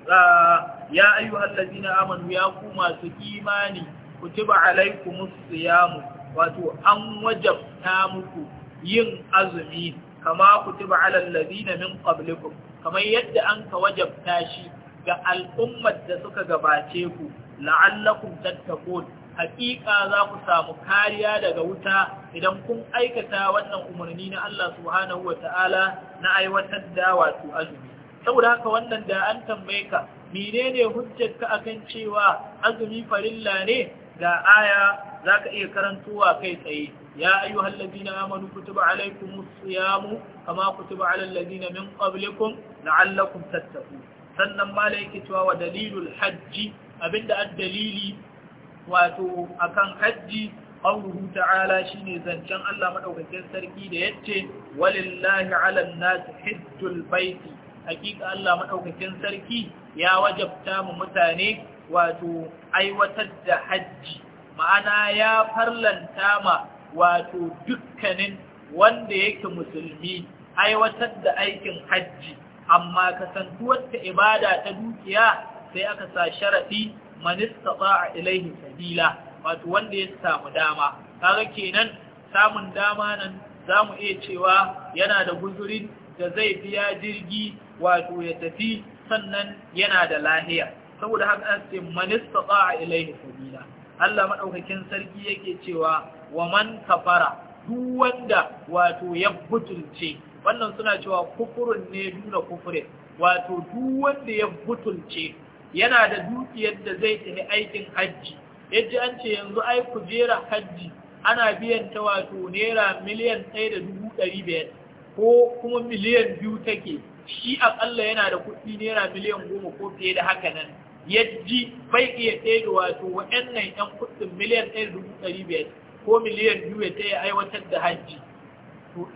ah, ya ayyuhal ladina amanu ya ku masu imani kutiba alaikumus siyam wato an wajabta muku yin azumi kama kutiba ala alladhina min qablikum kamar yadda an ka wajabta shi ga al'ummar da suka gabace ku la'allakum tattaqun hakika za ku samu kariya daga wuta idan kun aikata wannan umarni na Allah subhanahu ta'ala na aiwatar da wato azumi saboda haka wannan da an tambaye ka menene hujjar ka akan cewa azumi farilla ne ga aya zaka iya karantowa kai tsaye ya ayyuhal na amanu kutiba alaykumus siyamu kama kutiba alal na min qablikum la'allakum tattaqun sannan ma cewa wa dalilul hajji abinda ad-dalili wato akan hajji qawluhu ta'ala shine zancen Allah madaukakin sarki da yace walillahi 'alan nas hajjul bait hakika Allah madaukakin sarki ya wajabta mu mutane wato aiwatar da hajji ma'ana ya farlanta ma wato dukkanin wanda yake musulmi aiwatar da aikin hajji amma kasantuwar ta ibada ta dukiya sai aka sa sharafi man a ilaihi sabila wato wanda ya samu dama kaga kenan samun dama nan zamu iya cewa yana da guzurin da zai biya jirgi wato ya tafi sannan yana da lahiya saboda haka an ce man istata'a ilaihi sabila Allah madaukakin sarki yake cewa wa man kafara duk wanda wato ya butulce wannan suna cewa kufurin ne duna kufurin wato duk wanda ya butulce yana da dukiyar da zai tafi aikin hajji yadda an ce yanzu ai kujera hajji ana biyan ta wato naira miliyan ɗaya da dubu ɗari biyar ko kuma miliyan biyu take shi aƙalla yana da kuɗi naira miliyan goma ko fiye da haka nan yadda bai iya tsaye da wato waɗannan ɗan kuɗin miliyan ɗaya da dubu ɗari biyar ko miliyan biyu ya tsaye aiwatar da hajji to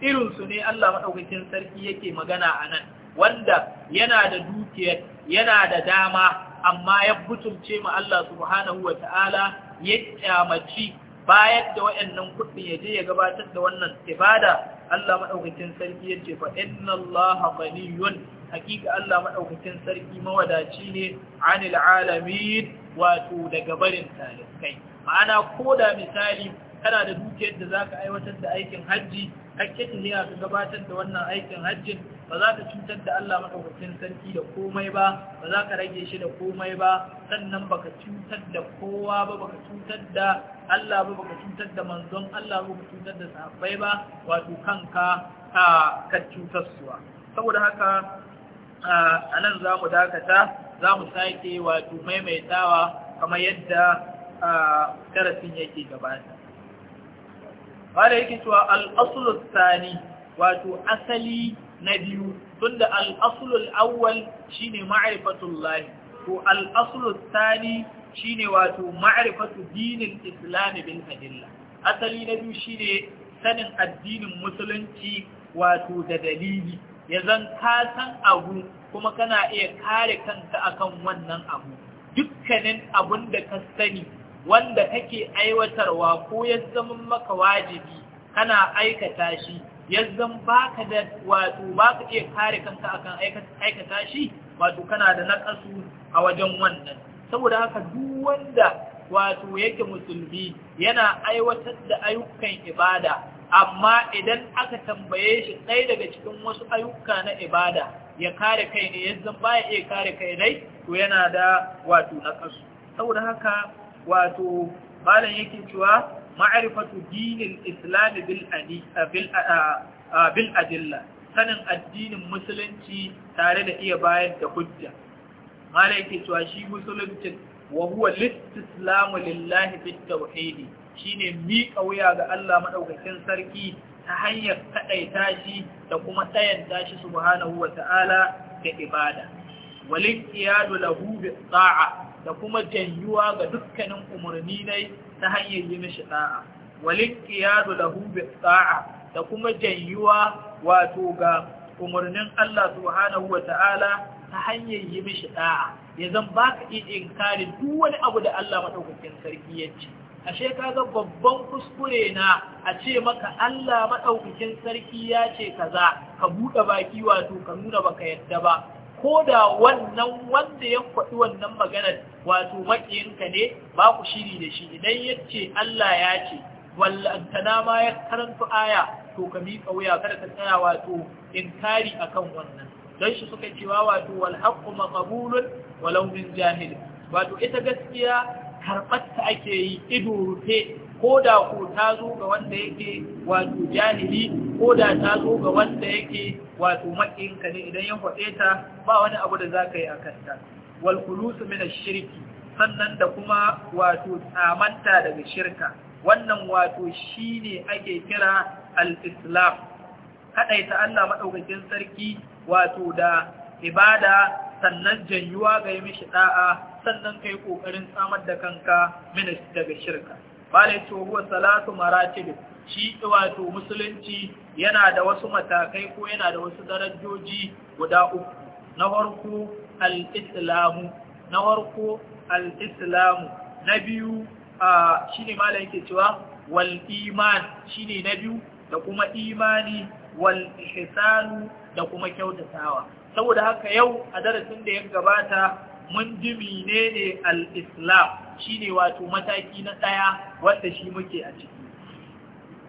irinsu ne Allah maɗaukakin sarki yake magana a nan wanda yana da dukiyar yana da dama amma ya butumce ma Allah subhanahu wa ta'ala ya kyamaci bayan da waɗannan kuɗin ya je ya gabatar da wannan ibada Allah maɗaukacin sarki ya ce fa Allah ghaniyun hakika Allah maɗaukacin sarki mawadaci ne anil alamin wato daga barin talibai ma'ana ko da misali kana da dukiyar da za ka aiwatar da aikin hajji hakkin ne ka gabatar da wannan aikin hajjin ba za ka cutar da Allah maɗaukakin sarki da komai ba ba za ka rage shi da komai ba sannan ba ka cutar da kowa ba ka cutar da Allah ba ba ka cutar da manzon Allah ba ka cutar da sahabbai ba wato kanka a ka cutar suwa saboda haka a nan za mu dakata za mu sake wato maimaitawa kamar yadda darasin yake gabata wanda yake cewa al tsani wato asali na biyu tunda al-aslul awwal shine ma'rifatullahi to al-aslul thani shine wato ma'rifatu dinil islam bil adilla asali na biyu shine sanin addinin musulunci wato da dalili ya zan ka abu kuma kana iya kare kanka akan wannan abu dukkanin abun da ka sani wanda kake aiwatarwa ko ya zama maka wajibi kana aikata shi yanzu baka da wato baka iya kare kanka akan aikata shi wato kana da nakasu a wajen wannan saboda haka duk wanda wato yake musulmi yana aiwatar da ayyukan ibada amma idan aka tambaye shi ɗaya daga cikin wasu ayyuka na ibada ya kare kai ne yanzu baya iya kare kai dai to yana da wato nakasu saboda haka wato malam yake cewa ma'arifatu dinin islami bil adilla sanin addinin musulunci tare da iya bayar da hujja mala yake cewa shi musuluncin wa huwa listislamu lillahi bit tauhidi shine miƙa wuya ga Allah madaukakin sarki ta hanyar kadaita shi da kuma tsayanta shi subhanahu wata'ala da ibada wal qiyadu lahu bi da kuma janyuwa ga dukkanin umarni ne ta hanyar yi mishi da'a walin da da ɗa'a da'a da kuma janyuwa wato ga umarnin Allah subhanahu wa ta'ala ta hanyar yi mishi da'a ya zan ba ka iya duk wani abu da Allah maɗaukakin sarki ya ce ashe kaga babban kuskure na a ce maka Allah maɗaukakin sarki ya ce kaza ka buɗe baki wato ka nuna baka yadda ba ko da wannan wanda ya faɗi wannan maganar wato maƙiyinka ne ba ku shiri da shi idan ya ce Allah ya ce wallantana ma ya karanta aya to ka miƙa wuya kada ka tsaya wato inkari akan wannan don shi suka cewa wato wal haqqu maqbulun walau min jahil wato ita gaskiya karɓarta ake yi ido rufe ko da ko ta zo ga wanda yake wato jahili ko da ta zo ga wanda yake wato maƙinka ne idan ya faɗe ta ba wani abu da zaka yi a kanta wal mina shirki sannan da kuma wato tsamanta daga shirka wannan wato shine ake kira al-islam ta Allah maɗaukakin sarki wato da ibada sannan janyuwa ga yi mishi da'a sannan kai ƙoƙarin tsamar da kanka min daga shirka bale to huwa salatu maratib shi wato musulunci yana da wasu matakai ko yana da wasu darajoji guda uku na farko al-islamu na farko al-islamu na biyu shine malam yake cewa wal iman shine na biyu da kuma imani wal ihsanu da kuma kyautatawa saboda haka yau a darasin da ya gabata mun ji menene al-islam shine wato mataki na daya wanda shi muke a ciki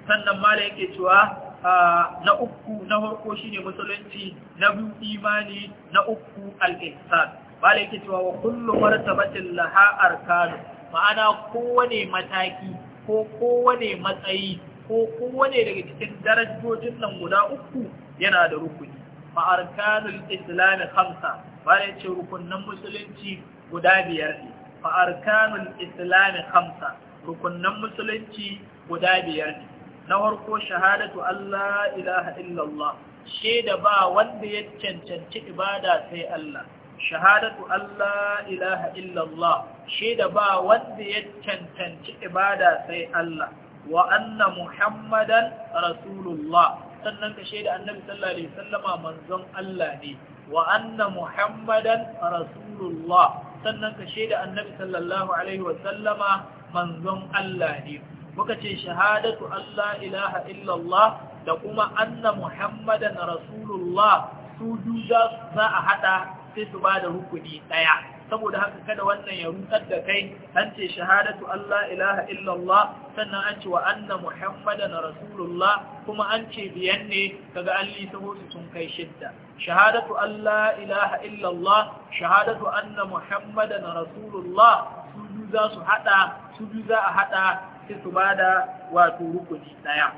sannan mala yake cewa ah, na uku na harko ne musulunci na biyu imani na uku alinsan mala yake cewa wa kullu martabatin laha’ar kano ma'ana kowane mataki ko kowane matsayi ko kowane daga cikin darajojin nan guda uku yana da rukuni ma'arkanul islami hamsa mala yake rukunan musulunci guda biyar ne ma'arkanul islami hamsa rukunan musulunci guda biyar ne na farko shahadatu Allah ilaha illallah shaida ba wanda ya cancanci ibada sai Allah shahadatu Allah ilaha illallah shaida ba wanda ya cancanci ibada sai Allah wa anna muhammadan rasulullah sannan ka shaida annabi sallallahu alaihi wasallama manzon Allah ne wa anna muhammadan rasulullah sannan ka shaida annabi sallallahu alaihi wasallama manzon Allah ne muka ce shahadatu Allah ilaha illallah da kuma anna muhammadan rasulullah su duza za a hada sai su bada rukuni daya saboda haka kada wannan ya rutar da kai an ce shahadatu Allah ilaha illallah sannan an ce wa anna muhammadan rasulullah kuma an ce biyan ne kaga an lisaho sun kai shidda shahadatu Allah ilaha illallah shahadatu anna muhammadan rasulullah su duza su hada su duza a hada sai su ba da wato rukuni ɗaya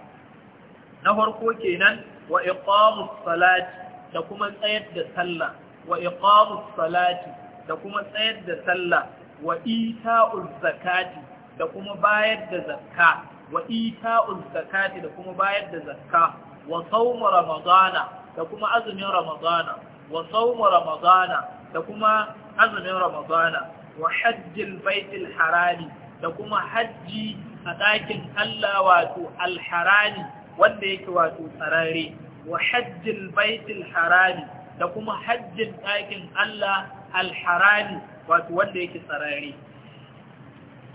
na farko kenan wa iqamus salati da kuma tsayar da sallah wa iqamus salati da kuma tsayar da sallah wa ita'uz zakati da kuma bayar da zakka wa ita'uz zakati da kuma bayar da zakka wa sawm ramadana da kuma azumin ramadana wa sawm ramadana da kuma azumin ramadana wa hajjil baitil harami da kuma hajji a ɗakin Allah wato alharani wanda yake wato tsararre wa hajjin baitul harami da kuma hajjin ɗakin Allah alharani wato wanda yake tsararre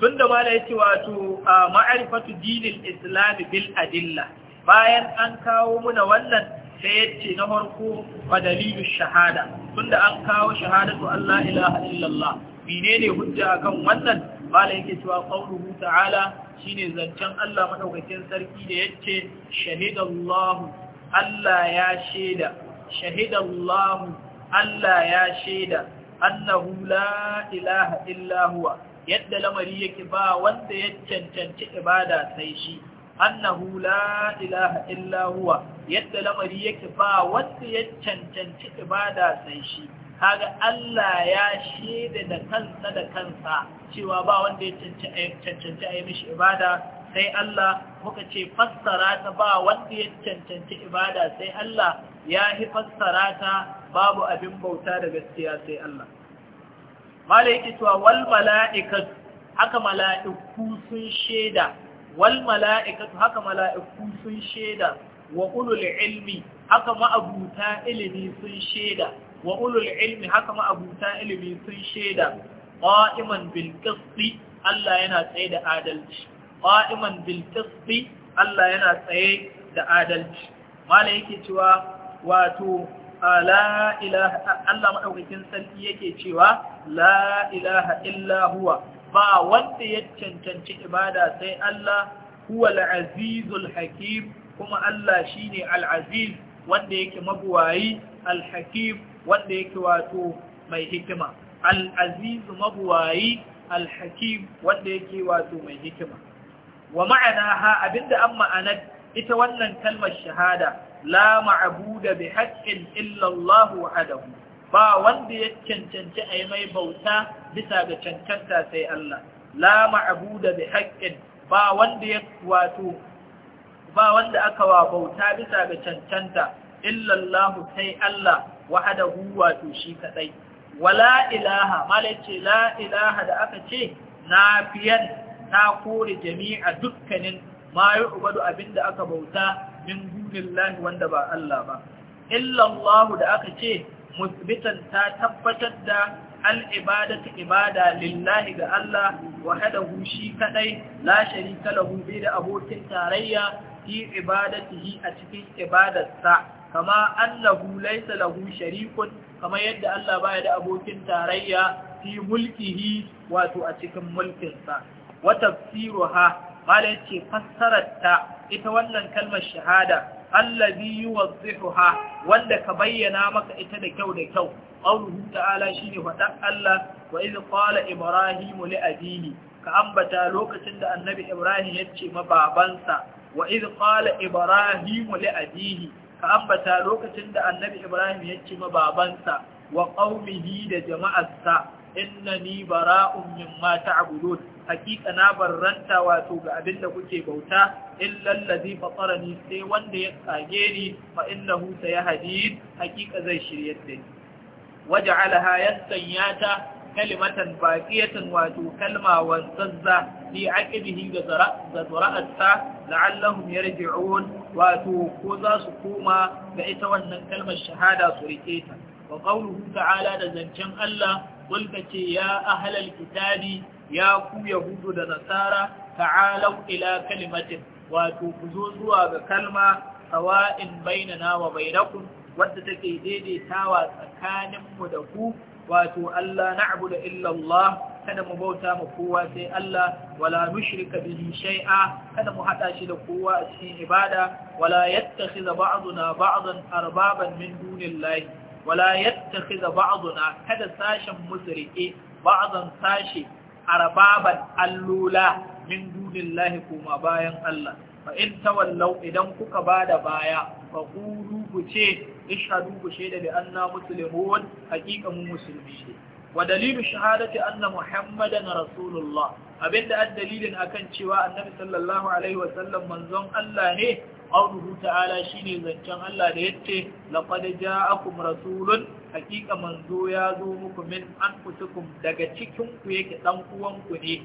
tun da mala yake wato ma'arifatu dinin islami bil adilla bayan an kawo muna wannan sai na farko wa dalilu shahada tunda an kawo shahadatu Allah ilaha illallah menene hujja akan wannan bala yake cewa qauluhu ta'ala shine zancen Allah maɗaukakin sarki da yace shahidallahu Allah ya shaida shahidallahu Allah ya shaida annahu la ilaha illa yadda lamari yake ba wanda ya cancanci ibada sai shi annahu la ilaha illa yadda lamari yake ba wanda ya cancanci ibada sai shi kaga Allah ya shaida da kansa da kansa cewa ba wanda ya cancanci a yi mishi ibada sai Allah muka ce fassara ta ba wanda ya cancanci ibada sai Allah ya yi fassara ta babu abin bauta da gaskiya sai Allah malaiki cewa wal mala'ikatu haka mala'iku sun shaida wal haka mala'iku sun shaida wa ulul ilmi haka ma'abuta ilimi sun shaida wa ulul ilmi haka ma abuta ilimi sun shaida qa'iman bil Allah yana tsaye da adalci qa'iman Allah yana tsaye da adalci malai yake cewa wato Allah madaukakin sarki yake cewa la ilaha illa huwa ba wanda ya cancanci ibada sai Allah huwa al-azizul hakim kuma Allah shine al-aziz wanda yake mabuwayi al-hakim wanda yake wato mai hikima al mabuwayi al-hakim wanda yake wato mai hikima wa ha abinda an ma'anar ita wannan kalmar shahada la ma'buda bi haƙƙin illallahu Allah ba wanda ya cancanci yi mai bauta bisa ga cancanta sai Allah la ma'buda bi haƙƙin ba wanda ya wato ba wanda aka wa bauta bisa ga cancanta illa sai Allah wahadahu wato shi kadai wala ilaha malace la ilaha da aka ce nafiyan ta kore jami'a dukkanin ma yu'badu abinda aka bauta min dunillahi wanda ba Allah ba illa Allah da aka ce musbitan ta tabbatar da al-ibadatu ibada lillahi ga Allah wahdahu shi kadai la sharika lahu bi da abokin tarayya fi ibadatihi a cikin ibadarsa kama annahu laysa lahu sharikun kama yadda Allah baya da abokin tarayya fi mulkihi wato a cikin mulkin sa wa tafsiruha mala yace fassararta ita wannan kalmar shahada allazi yuwaddihuha wanda ka bayyana maka ita da kyau da kyau qawluhu ta'ala shine fadar Allah wa iz qala ibrahimu li ka ambata lokacin da annabi ibrahim ya ce ma babansa wa iz qala ibrahimu li abihi ka ambata lokacin da annabi Ibrahim ya ce ma babansa wa ƙaumihi da jama'arsa ni bara'un mimma ta'budun hakika na barranta wato ga abin da kuke bauta lallazi allazi ni, sai wanda ya tsage ni fa ya sayahdin hakika zai shiryar da ni waja'alaha yastanyata kalimatan baƙiyatan wato kalma wanzazza li aqibihi ga zara'atsa la'allahum yarji'un wato ko za su koma ga ita wannan kalmar shahada su rike ta wa qawluhu ta'ala da zancen Allah kulka ya ahlal kitabi ya ku yahudu da nasara ta'alau ila kalimatin wato ku zo zuwa ga kalma sawa'in bainana wa bainakum wadda take daidaitawa tsakaninmu da ku wato Allah na'budu illa Allah kada mu bauta mu kowa sai Allah wala nushrika bihi shay'a kada mu hada shi da kowa a cikin ibada wala yattakhidha ba'duna ba'dan arbaban min dunillahi wala yattakhidha ba'duna kada sashen musrike ba'dan sashi arbaban allula min dunillahi kuma bayan Allah fa in tawallau idan kuka bada baya fa qulu ku ce ishhadu ku shaida bi anna muslimun haqiqa mu musulmi ودليل شهادة أن محمدا رسول الله أبدا الدليل أكن شواء النبي صلى الله عليه وسلم منظم الله نه قوله تعالى شيني زنشان الله ليته لقد جاءكم رسول حقيقة منذو يازومكم من أنفسكم دقشكم كويك تنقوان كني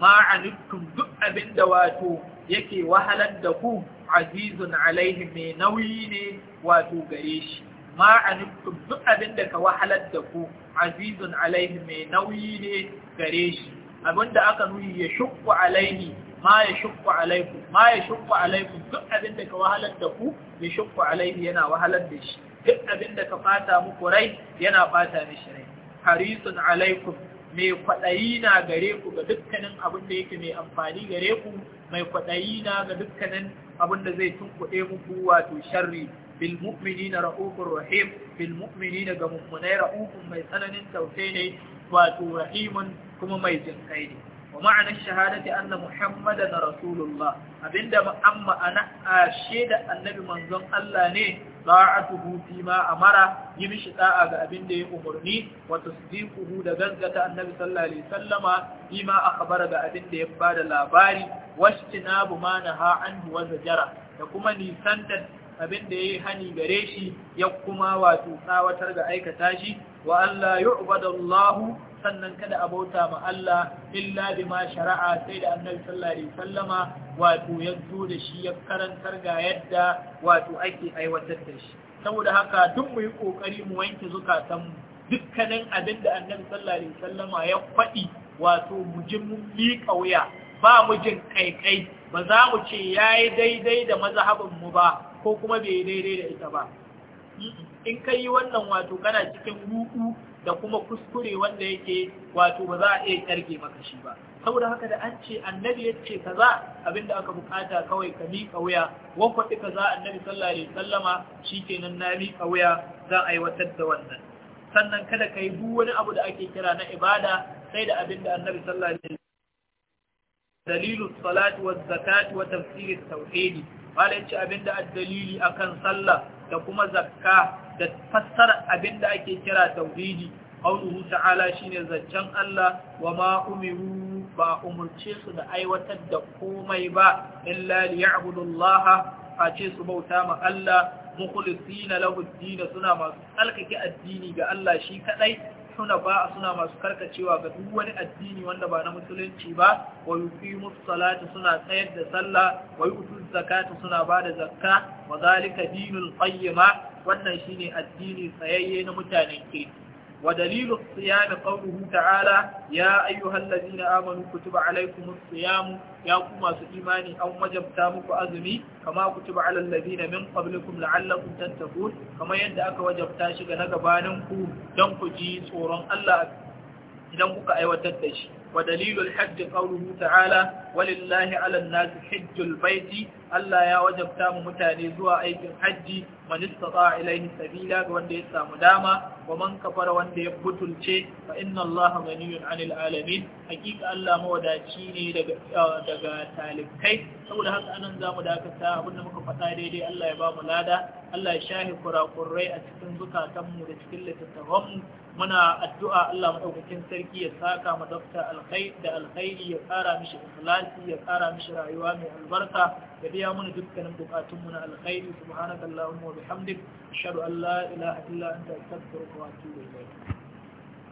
ما عنكم دؤ أبن دواتو يكي وهلا دقو عزيز عليه من نويني واتو قريش ma anittum duk abin da ka wahalar da ku azizun alaihi mai nauyi ne gare shi abin da aka nuni ya shukku alaihi ma ya shukku alaikum ma ya shukku alaikum duk abin da ka wahalar da ku ya shukku alaihi yana wahalar da shi duk abin da ka fata muku rai yana fata mishi rai harisun alaikum mai kwaɗayi na gare ku ga dukkanin abin da yake mai amfani gare ku mai kwaɗayi na ga dukkanin abin da zai tunkuɗe muku wato sharri بالمؤمنين رؤوف رحيم بالمؤمنين جمؤمنين رؤوف ميسنن توتين واتو رحيم كما ميزن أيدي ومعنى الشهادة أن محمدا رسول الله أبند أما أنا أشهد النبي منظم الله ني طاعته فيما أمر يمشي طاعة أبند أمرني وتصديقه لغزة النبي صلى الله عليه وسلم فيما أخبر بأبند يباد الأباري واجتناب ما نهى عنه وزجره da kuma nisantar abin da yi hani gare shi ya kuma wato tsawatar ga aikata shi wa Allah yu'badallahu sannan kada a bauta ma Allah illa bima shari'a sai da annabi sallallahu alaihi wasallama wato ya zo da shi ya karantar ga yadda wato ake aiwatar da shi saboda haka duk mu yi kokari mu wanke zukatan dukkanin abin da annabi sallallahu alaihi wasallama ya faɗi wato mu ji mun miƙa wuya ba mu jin kaikai ba za mu ce yayi daidai da mazhabin mu ba ko kuma bai daidai da ita ba in ka yi wannan wato kana cikin ruku da kuma kuskure wanda yake wato ba za a iya karge maka shi ba saboda haka da an ce annabi ya ce kaza da aka bukata kawai ka miƙa wuya ka za annabi sallallahu alaihi sallama shikenan na miƙa wuya za a aiwatar da wannan sannan kada ka yi duk wani abu da ake kira na ibada sai da abin da annabi sallallahu alaihi dalilu Salatu wa zakatu wa tafsirin tauhidi malai ce abinda dalili akan sallah da kuma zakka da fassara abinda ake kira tauhidi qauluhu ta'ala shine zaccen Allah wa ma umiru ba umurce su da aiwatar da komai ba illa liya'budullaha a ce su bauta ma Allah mukhlisina lahu ad suna masu tsalkake addini ga Allah shi kadai ba suna masu karkacewa ga duk wani addini wanda ba na musulunci ba wa yuqimu salata suna tsayar da sallah wa yutu zakata suna da zakka wa zalika dinul qayyima wannan shine addini tsayayye na mutanen kirki ودليل الصيام قوله تعالى يا أيها الذين آمنوا كتب عليكم الصيام يا كما إيماني أو وجبتامك أزمي كما كتب على الذين من قبلكم لعلكم تنتقون كما يندأك وجبتاشك نقبانكم دنك جيس ورن الله إذا كنت أيوة تتشي ودليل الحج قوله تعالى walillahi ala nasu hajjul baiti Allah ya wajabta mu mutane zuwa aikin hajji man istata ilaihi sabila ga wanda ya samu dama wa man kafara wanda ya butulce fa inna Allah ghaniyun 'anil alamin hakika Allah mawadaci ne daga ah, daga talikai saboda haka anan zamu dakata abinda muka faɗa daidai Allah ya ba mu lada Allah ya shahi kurakurai a cikin zukatanmu da cikin littattafan. muna addu'a Allah madaukakin sarki ya saka mu dafta alkhair da alkhairi ya kara mishi ikhlas ikhlasi ya tsara mishi rayuwa mai albarka ya biya mana dukkanin bukatun mu na alkhairi subhanakallahumma wa bihamdik ashhadu an la ilaha illa anta astaghfiruka wa atubu ilayk